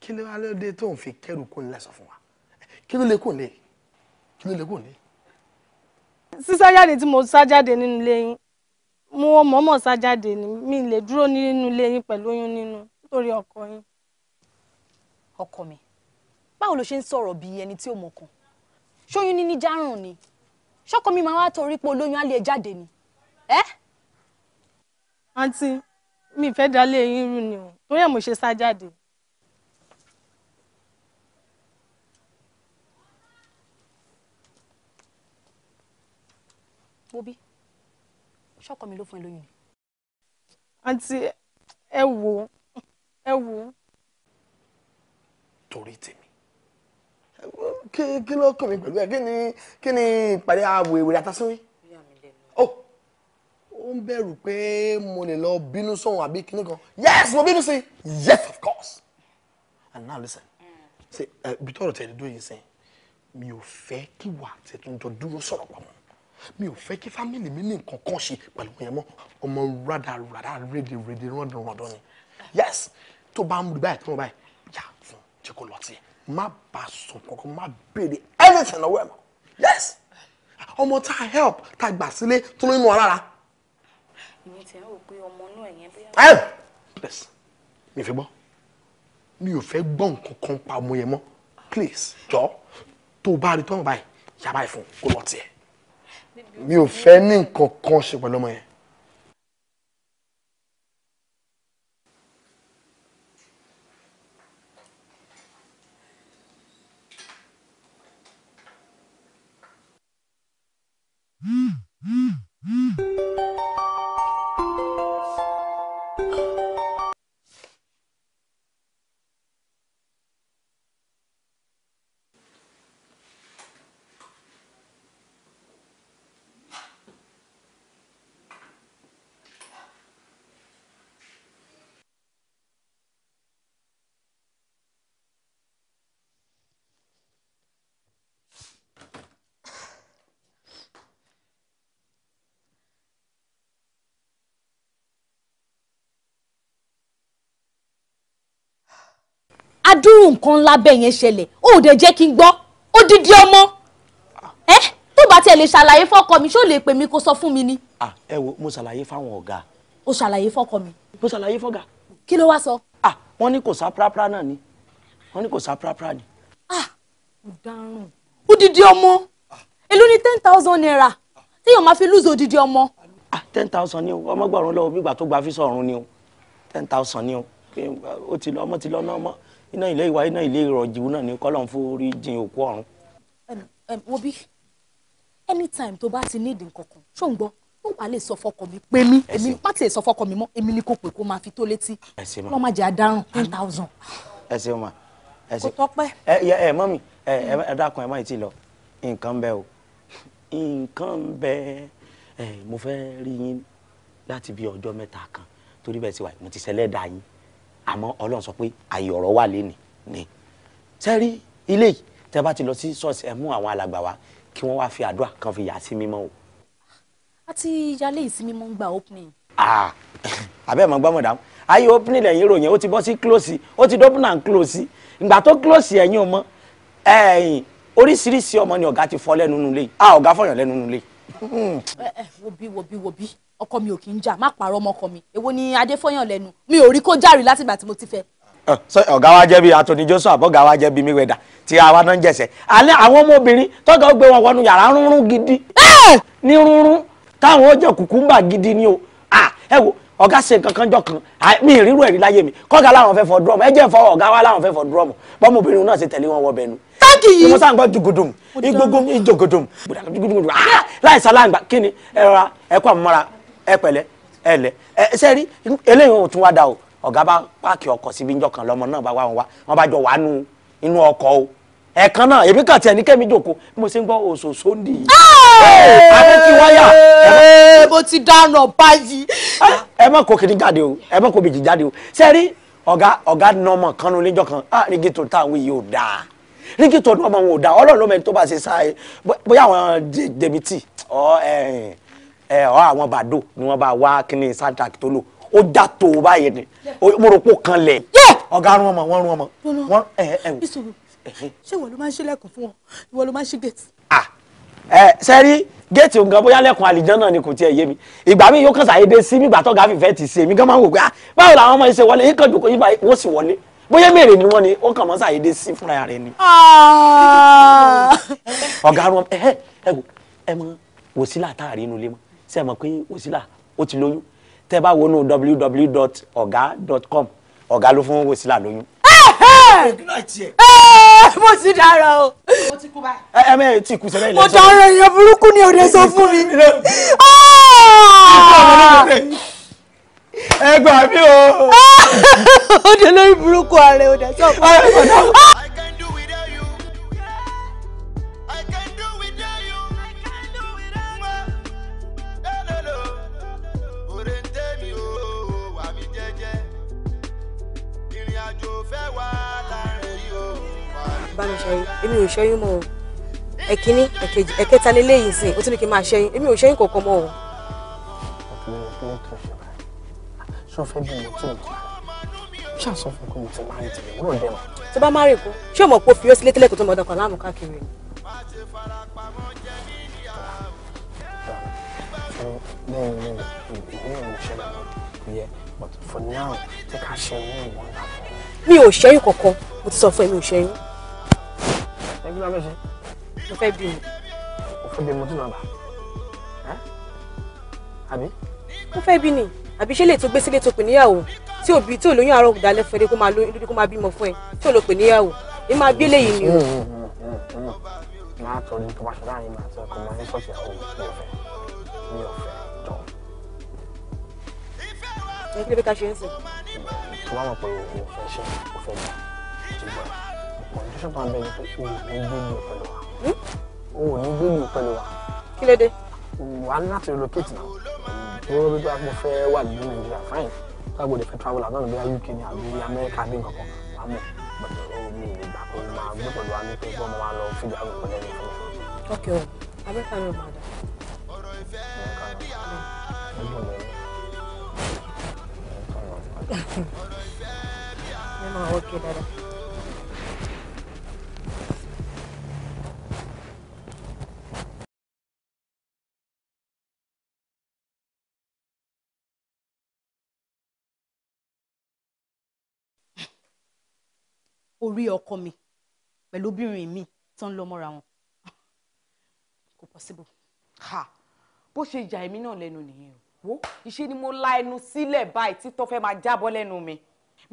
Kí ló wá lóde tó ń fi kẹ́rù kún lẹ̀ sọ fún wa? Kí ló lè kún lé? Kí ló mo mọ̀ọ́mọ̀ sá jáde ni mi lè dúró nínú ilé yín pẹ̀lú oyún nínú nítorí ọkọ yín. ọkọ mi báwo ló ṣe ń sọ̀rọ̀ bíi ẹni tí ò mọ̀ kan ṣóyún níní járùn ni ṣọ́kọ mi máa wá torí pé olóyún á lè e jáde ni. àǹtí mi fẹ́ dalé yín rú ni o torí ẹ̀ mo ṣe sá jáde. bobi ṣọkọ mi ló fún ẹ lóyún ni. àǹtí ẹ wò ẹ wò. torí tèmi. kí ló kàn mí pẹ̀lú ẹ kí ni kí ni ìpàdé ààbò ìwé àtàsánwé. ó ó ń bẹ̀rù pé mo lè lọ bínú sóhun àbí kinní kan yes mo bínú sí yes of course and now listen mm. ṣe bitọ́rọ̀ tẹ̀lé dóyin sẹ́yìn mi ò fẹ́ kí wà tẹ̀tún jọ dúró sọ̀rọ̀ pamọ́ mi ò fẹ́ kí fámìlì mi ní nǹkan kan ṣe pẹ̀lú yẹn mọ́ ọmọ rádà rádà rédè rédè rọ́ndọ̀ rọ́ndọ̀ ni yes tó bá ń rí báyìí tó ń báyìí yà fún jẹ́ kó lọ tiẹ̀ má bàa sọ kankan má béèrè everything lọ́wọ́ ẹ̀ mọ́ yes ọmọ tá a help tá a gbà sílé tó lóyún ń rò pé ọmọ please mi ò fẹ́ gbọ́ mi nǹkan kan pa ọmọ yẹn mọ́ please jọ tó o bá rí tọ́wọ́n báyìí yà báyìí fún kó lọ tiẹ̀ mi ò fẹ́ ní nǹkan kan ṣe pẹ̀lú ọmọ yẹn. adúrú nǹkan ńlá bẹ́ẹ̀ yẹn ṣẹlẹ̀ ó dẹ̀ jẹ́ kí n gbọ́ odidi ọmọ ẹ tó bá tiẹ̀ lè ṣàlàyé fọ́kọ mi ṣó lè pè mí kó sọ fún mi ni. ẹ wo mo ṣàlàyé fáwọn ọ̀gá. o ṣàlàyé fọ́kọ mi. mo ṣàlàyé fọ́gà. kí ló wá sọ. wọ́n ní kò sá pàápàá náà ni wọ́n ní kò sá pàápàá ni. ọ̀daràn odidi ọmọ èló ni ten thousand naira téèyàn máa fi lose odidi ọmọ. ten thousand ni o ọmọ gbọ́ràn lọ́wọ́ bí ìgbà tó gba fíṣọ̀ ọ̀run ni o ten thousand ni o ó ti lọ ọmọ ti lọ náà mọ́ iná ilé ìwà iná ilé ìrọ̀jù náà ni kọ́lọ́n forí jin òkú ọ̀run. wo anytime tó bá ti ní ìdí nkankan ṣó ń gbọ́ ó wà lè sọ fọkọ mi pé mi èmi má ti lè sọ fọkọ mi mọ́ èmi ni kò pé kó máa fi tó létí lọ́ máa jẹ́ adarun ten thousand. ẹ ṣeun ma ẹ ṣe kò tọ́pẹ́. ẹ ẹ mọ́mì ẹ ẹ dákun ẹ má ti lọ nǹkan bẹ o nǹkan bẹ ẹ mo fẹ́ rí yín láti bí ọjọ́ mẹ́ta kan torí bẹ́ẹ̀ ti wà mo ti ṣẹlẹ̀ dà yín àmọ́ ọlọ́run sọ pé àyè ọ̀rọ̀ wà lẹ́nì ni sẹ́rí ilé yìí tẹ́ bá ti lọ sí ṣọ́ọ̀ṣì ẹ mú àwọn alàgbà wa kí wọ́n wá fi àdúrà kan fi yà sí mímọ́ o. àti ìyálé ìsinmi ń gba opening. àbẹ́ mọ̀ gbọ́mọ̀ dáhùn ayé opening lẹ́yìn ìròyìn ó ti bọ́ sí close ó ti dọ́pọ̀ náà close ìgbà tó close ẹ̀yìn ọmọ ẹ̀yìn oríṣiríṣi ọmọ ni ọ̀gá ti fọ́ lẹ́nu nulẹ̀ ọ̀gá fọyàn lẹ́nu nulẹ̀. ẹ ẹ wo ọkọ mi ò kí ń jà má pààrọ̀ ọmọ ọkọ mi èwo ni adéfọyàn lẹ́nu mi ò rí kó jàre látìgbà tí mo ti fẹ́. Ah, ọ̀gá wa jẹ́ bíi atoni joshua àbọ̀gá wa jẹ́ bíi miwẹ̀dà tí àwa náà ń jẹ̀sẹ̀ alẹ́ àwọn ọmọbìnrin tọ́jà ó gbé wọn wọnú yàrá rúnrún gidi eh! ní rúnrún táwọn ó jẹ kùkúmbà gidi ni o ah, ẹ wo ọ̀gá ṣe kankan jọ kan mi ìrírú ẹ̀rí láyé mi kọ́gá láwọn fẹ́ fọ dúrọ́mù ẹ jẹ́ fọ ọ̀gá wa láwọn fẹ́ fọ dúrọ́mù bọ́mọbìnrin náà ṣe tẹ̀lé wọn wọ bẹ̀nu. táǹkì yìí mo sáà ń gbọ́ jugodom igbogom ijogodom láìsàlágbà kí ni ẹ̀rọ ẹ̀kọ́ àmọ́ra ẹ pẹ̀lẹ́ ẹ lẹ ẹ sẹẹri eléyìí ò tún wá da o ọ̀gá bá páàkì ọkọ̀ síbi ńjọ́ kan lọ́mọ náà bá wà wọn wá wọn bá jọ wà nù inú ọkọ̀ o ẹ̀ẹ̀kan náà èmi kàn tiẹ̀ ní kẹ́mi jòkó bí mo ṣe ń gbọ́ òṣòṣò ń dì í. àwọn kí wáyà. mo ti dáná báyìí. Ah! ẹ má kó kiri jáde o ẹ má kó bèjì jáde o sẹ́rí ọ̀gá ọ̀gá nọmọ kanu níjọ́ kan ah rígi tó táwọn yìí ò dáa rígi tó nọmọ wọn ò dáa ọlọ́run ló mẹ́ni tó bá ṣe sáà bóyá àwọn dèbìtì ọ̀ ẹ̀ẹ́n ẹ ọ àwọn bàdó ni wọ́n bá wá kíní soundtrack tó lò ó já tó o báyìí ni mo rò pó kan lẹ̀ ọ̀gá rún ọmọ wọ́n rún ọmọ. wọ́n ẹ ẹ ṣé ìwọ ló máa ń ṣílẹ̀kùn fún wọn ìwọ ló máa ń ṣí gate. ah ẹ sẹ́rí géètì nǹkan bóyá lẹ́kùn àlìjọ́ náà ni kò tiẹ̀ yé mi ìgbà mi yóò kàn sàyédé sí mi ìgbà tó ga fìfẹ́ ti ṣe mi gan máa ń wò pé ah báwo làwọn ọmọ yìí ṣe wọlé yìí kàn jòkó yìí báyìí wọ́n sì wọlé bóyá mèrè ni wọ́n ni ó kàn mọ́ sàyédé sí fúnra rẹ̀ ni. ọ̀gá rún ẹ ẹ wò ẹ mọ wò sí látàrí inú ilé mọ́ ṣe é mọ̀ pé Wòsílà ó ti lóyún tẹ́ bá wọnú www.oga.com ọ̀gá ló fún Wòsílà lóyún mo ti dára o. mo tí kú sẹ́lẹ̀ ilẹ̀ sọ́wọ́. mo dára èèyàn burúkú ni òde sọ fún mi. [laughs] Ah! ẹ gbà mí o. Ah! [laughs] òde lórí burúkú ààrẹ òde sọ fún mi. bá mi ṣẹ́yìn èmi ò ṣẹ́yìn mọ́ o ẹ̀kíní ẹ̀kejì ẹ̀kẹta ní lẹ́yìn sìn ó tún ní kí n máa ṣẹ́yìn èmi ò ṣẹ́yìn kankan mọ́ o. ṣé o fẹ́ bí mo tí mo kọ́ ṣé àṣọ fún kí mo ti máa ń tẹ̀lé wọ́n dẹ̀ mọ́. tó bá má rìn kú ṣé o mọ̀ pé o fi ó sílé tẹ́lẹ̀ kó tó mọ̀ ọ̀dọ̀kan láàmú káàkiri but for now take a ṣe ní ìwọ̀n náà. mi ò ṣẹ́yìn kankan mo ti sọ fún ẹ mi ò ṣẹ́yìn ẹgbẹ́ máa fẹ́ ṣe mo fẹ́ bí mi. o fẹ́ bí mo tún náà bá àbí. mo fẹ́ bí ni àbí ṣé lè tó gbé sílé tó pè níyàwó tí òbí tí olóyún àárọ̀ dalẹ̀ fún ẹ kó máa lóyún kó máa bímọ fún ẹ tí ò lọ pè níyàwó ẹ máa bí eléyìí ni o. Hmm, hmm, hmm, máa tọrọ tó bá ṣe láàyè máa tọrọ kó máa ní sọ́ọ̀tì àwọn òbí ọ̀fẹ́ ní ọ̀fẹ́ jọ. ẹ kí ló fẹ́ ká ṣe ń sìn. tó bá mọ̀ pé o fẹ́ kọ̀ǹdíṣọ̀ tó ń bẹ ni pé o ò ní gbélé pẹ̀lú wa o ò ní gbélé pẹ̀lú wa. kí ló dé. wà á láti relocate náà ìgboro bí wàá mo fẹ́ wà nínú nàìjíríà fine wàá gbọ́dọ̀ fẹ́ travel àbẹ́rẹ́ bí uk ni àbí amẹ́ríkà bí nǹkan kan wàá mọ̀ gbọ́dọ̀ o eh, mi ì gbà pé máa gbé pẹ̀lú wa ní pé gbọ́n mo máa lọ fídíò àwọn ìpínlẹ̀ ní ìfẹ́. ok o amẹ́ríkà náà máa dà. [laughs] ẹ máa wọ́ọ̀kì dáadáa. orí ọkọ mi pẹ̀lú obìnrin mi tán lọ mọ́ra wọn [laughs] kò possible. ha bó ṣe ìjà èmi náà lẹ́nu nìyẹn o wo ìṣe ni mo la ẹnu sílẹ̀ báyìí títọ́ fẹ́ máa jábọ́ lẹ́nu mi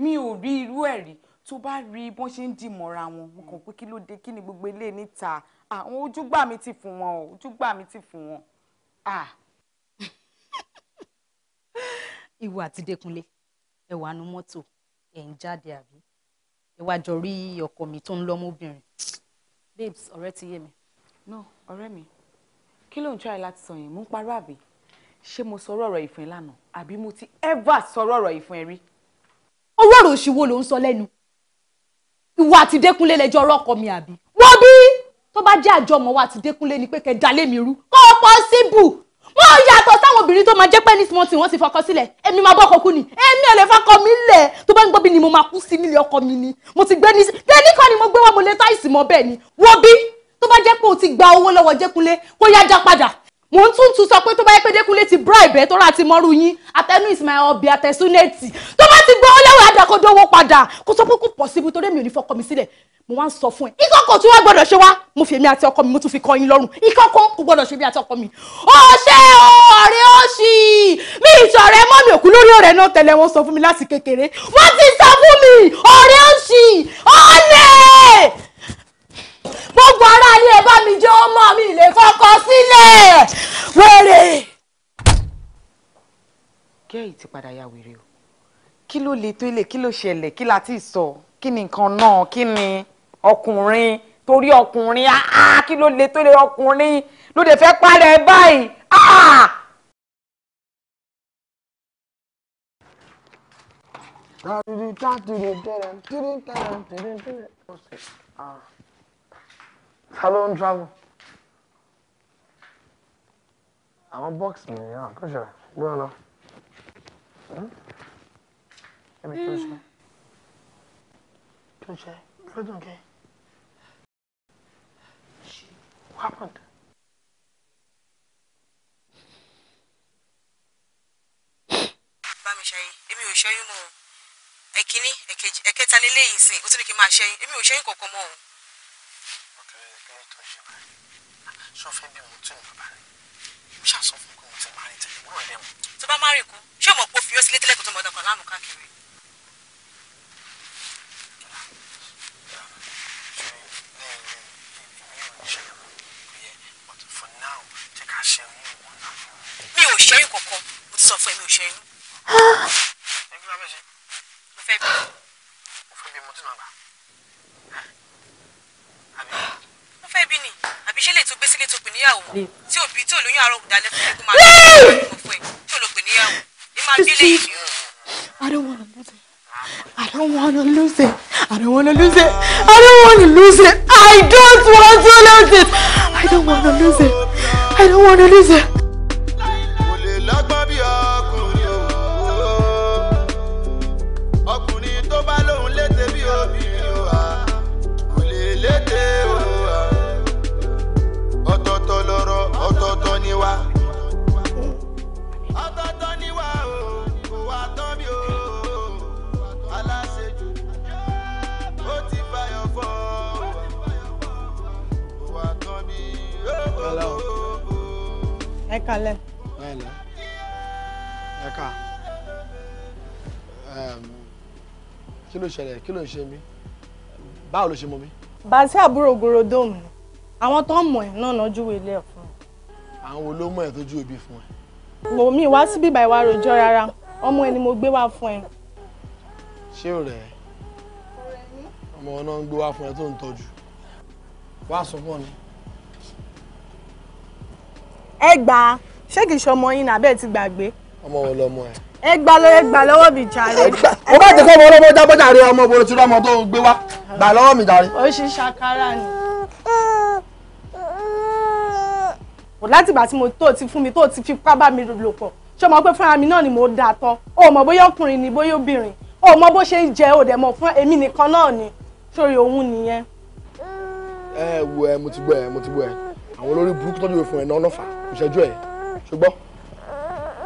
mi ò rí irú ẹ̀ rí tó bá rí bọ́n ṣe ń dì mọ́ra wọn mo kàn pé kí ló dé kí ni gbogbo ilé níta àwọn ojúgbà mi ti fún wọn o ojúgbà mi ti fún wọn. [laughs] ìwà àti dẹkùnlé ẹwà nu mọ́tò ẹ̀ ń jáde àbí ẹ wá jọ rí ọkọ mi tó ń lọ mọ́bìnrin babes ọ̀rẹ́ ti yé mi. no ọ̀rẹ́ mi kí ló ń try láti sọ yẹn mò ń parọ́ àbí ṣé mo sọ ọ̀rọ̀ ìfún ẹ lánàá àbí mo ti ever sọ ọ̀rọ̀ ìfún ẹ rí. owó ọ̀rọ̀ òṣì wo ló ń sọ lẹ́nu ìwà àti dẹ́kunlé lẹ́jọ́ ọ̀rọ̀ ọkọ mi àbí wọ́n bí tó bá jẹ́ àjọmọ̀ wa àti dẹ́kunlé ni pé kẹ́ dalé mi rú kọ́ ọ pọ́síbù wọ́n yàtọ̀ sáwọn obìnrin tó máa jẹ́ pé ní small thing wọ́n ti fọkọ sílẹ̀ èmi máa bọ́ ọkọ kú ni èmi ò lè fọkọ mi lẹ̀ tó bá ń gbọ́ bí ni mo máa kú sí nílé ọkọ mi ni mo ti gbé ní kíní kan ni mo gbé wá mo lè táìsì mọ́ bẹ́ẹ̀ ni wo bí tó bá jẹ́ pé o ti gba owó lọ́wọ́ Jẹ́kúnlé kó yá já padà mo ń tún tún sọ pé tó bá yẹ pé Jẹ́kúnlé ti bribe ẹ̀ tó rà ti mọ́rú yín àtẹnu ìsìnmáyà ọbẹ̀ àtẹ̀súnẹ̀tì tó bá ti gbọ́ ọlẹ́wọ̀ àdàkọ́dọ́wọ́ padà kó sọ pé kò pọ̀ síbi torí èmi ò ní fọkọ mi sílẹ̀ mo wá ń sọ fún ẹ ìkọ̀kọ̀ tí wọ́n gbọ́dọ̀ ṣe wá mo fi èmi àti ọkọ mi mo tún fi kọ́ yín lọ́rùn kò gbọ́dọ̀ ṣe bí àti ọkọ mi. ó ṣe ọ̀rẹ́ ó ṣì mí òkú lórí ọ̀rẹ́ náà tẹ̀lé wọn sọ fún mi láti kékeré wọ́n ti sọ fún mi ọ̀rẹ́ ó ṣì gbogbo ara ẹ bá mi jẹ́ ọmọ mi lè fọkọ sílẹ̀ wèrè. kẹ́hìn ti padà ya wèrè o kí ló le tó ilé kí ló ṣẹlẹ̀ kí la sọ kí ni nǹkan náà kí ni ọkùnrin torí ọkùnrin áá ah, ah, kí ló le tó lé ọkùnrin ló lè fẹ́ parẹ́ báyìí áá. Ah! Hello travel. Àwọn bọ́ọ̀sì mi yàn kó ṣe gbé ọ lọ. Ẹ̀mi hmm? tó ṣe. Tó ṣe. Lọ́dún kẹ́ẹ̀. What happened? Bámi ṣayé, èmi ò ṣẹ́yún mọ́ o. Ẹ̀kíní, ẹ̀kejì, ẹ̀kẹta lélẹ́yìn sìn, ó tún ní kí n máa ṣẹ́yún. Èmi ò ṣẹ́yún kankan mo tún ní bàbá rẹ̀. Mo ṣàṣọ fún kí mo ti máa rìn tẹ̀lé, mo náà lẹ́mu. Tó bá má rìn kú, ṣé o mọ̀ pé mi ò ṣẹ́yìn kankan mo ti sọ fún mi ò ṣẹ́yìn. mo fẹ́ bí. ni àbí ṣé lè tó gbé sílé tó pè níyàwó tí òbí tí olóyún àárọ̀ òdalẹ́ fún ẹgbẹ́ máa ń fún ẹ tí olóò pè níyàwó ní máa bí lẹ́yìn. I don't wanna lose it. I don't wanna lose it. I don't wanna lose it. I don't wanna lose it. I don't want to lose it. I don't wanna lose it. I don't want to lose her. ẹ kalẹ̀. ẹ lẹ ẹ ká kí ló ṣẹlẹ̀ kí ló ń ṣe mí báwo ló ṣe mọ mí. bàtí àbúrò gorodo mi àwọn tó ń mọ̀ ẹ́ náà náà júwe ilé ẹ̀ fún mi. àwọn wo ló mọ̀ ẹ́ tó júwe bí fún ẹ. wò mí wá síbí ìbá ìwà rojọ́ rárá ọmọ ẹ ni mo gbé wá fún ẹ. ṣé o rẹ̀ ẹ́ ọmọ náà ń gbé wá fún ẹ tó ń tọ́jú wá sọ fún ọ ni ẹ gbà á ṣé kìí ṣọmọ yín ní abẹ́ ti gbàgbé. ọmọ wo lọmọ ẹ. ẹ gbà lọ ẹ gbà lọ́wọ́ mi jàre. mo bá ti kọ́ ọmọ ọlọ́mọ jábọ́ jàre ọmọ ìbòrò tí ọmọ tó gbé wá gbà lọ́wọ́ mi jàre. ó ṣe ṣàkárà ni. kò látìgbà tí mo tó ti fún mi tó ti fipá bá mi lò pọ̀ ṣé o mọ̀ pé fúnra mi náà ni mo dà tọ́ o mọ̀ bóyá ọkùnrin ni bóyá obìnrin o mọ̀ bó ṣe ń jẹ o dẹ̀ mọ̀ fún èmi nìkan náà ni sórí òun nìyẹn. ẹ wo ẹ mo ti gbọ́ ẹ mo ti gbọ́ ẹ àwọn olórí burúkú tọ́jú ìfún ẹ náà náà fà á ìṣẹ́jú ẹ̀ ṣùgbọ́n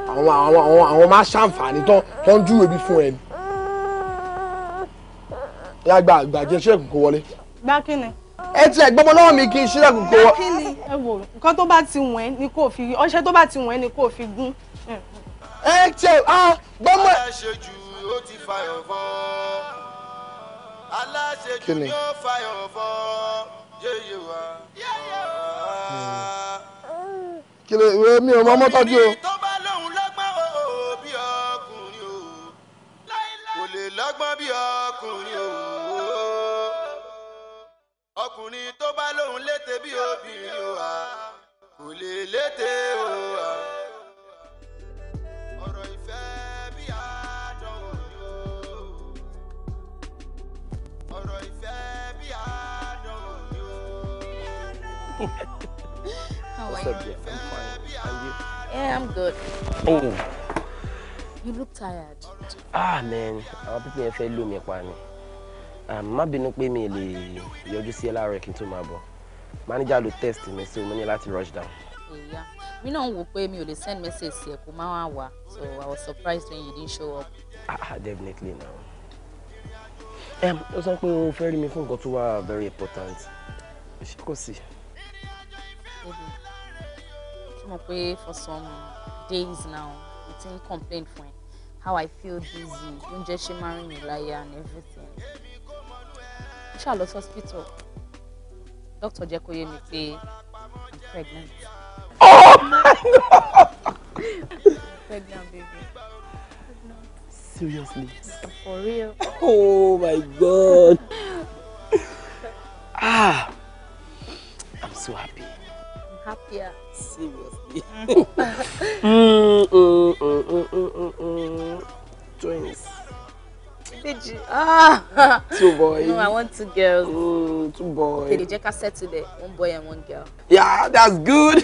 àwọn àwọn àwọn àwọn máa ṣàǹfààní tán tán júwèé bí fún ẹ ni. ìyá gba àgbàjẹ ṣẹ́ẹ̀kù kó wọlé. gbá kí ni. ẹ tiẹ̀ gbọ́mọ lọ́wọ́ mi kí n ṣẹ́ẹ̀kù kó wọ. gbá kí ni. ẹ wo nǹkan tó bá ti wọ̀n ẹ́ ni kò fi ọṣẹ tó bá ti wọ̀n ẹ́ ni kò fi gún. ẹ tiẹ̀ ah gbọ́mọ. aláṣẹ jù ó ti fàyọ̀ fọ́ aláṣẹ jù yóò fàyọ̀ fọ́ yéyé wa. Hmm kìlẹ̀ ìwé mi ò mọ́ mọ́tọ́ dí o. tó bá lóun lọ́gbọ́n o bí ọkùnrin o kò lè lọ́gbọ́n bí ọkùnrin o ọkùnrin tó bá lóun létè bí obìnrin o kò lè létè o. ọ̀rọ̀ ìfẹ́ How are you? Yeah, I'm good. Oh. You look tired. Ah, man. Àwọn pípẹ́ yẹn fẹ́ lù mí pa I'm um, not bínú pé mi lè yọjú sí ẹ láàárọ̀ kí n tó máa bọ̀. Máníjà ló test mi sí mo ní rush down. Yeah, we know ń wò pé mi send message sí ẹ kó má wá So I was surprised when you didn't show up. Ah, ah, definitely now. Um, ó sọ pé o fẹ́ rí mi fún nǹkan very important. Ṣé kò see ṣé mo pé for some days now mo ti ń complain fún ẹ how I feel dizzy oúnjẹ ṣe máa ń rìn mí láyà and everything mo ṣáà lọ sí hospital doctor jẹ́ kó yé mi pé I'm pregnant. Oh my God! pregnant baby. Pregnant. Seriously? For real. Oh my God! ah! I'm so happy happier. Seriously. mm, mm, mm, mm, mm, mm. Twins. Did you? Ah. Two boys. No, I want two girls. Mm, two boys. Okay, the Jekka said today, one boy and one girl. Yeah, that's good.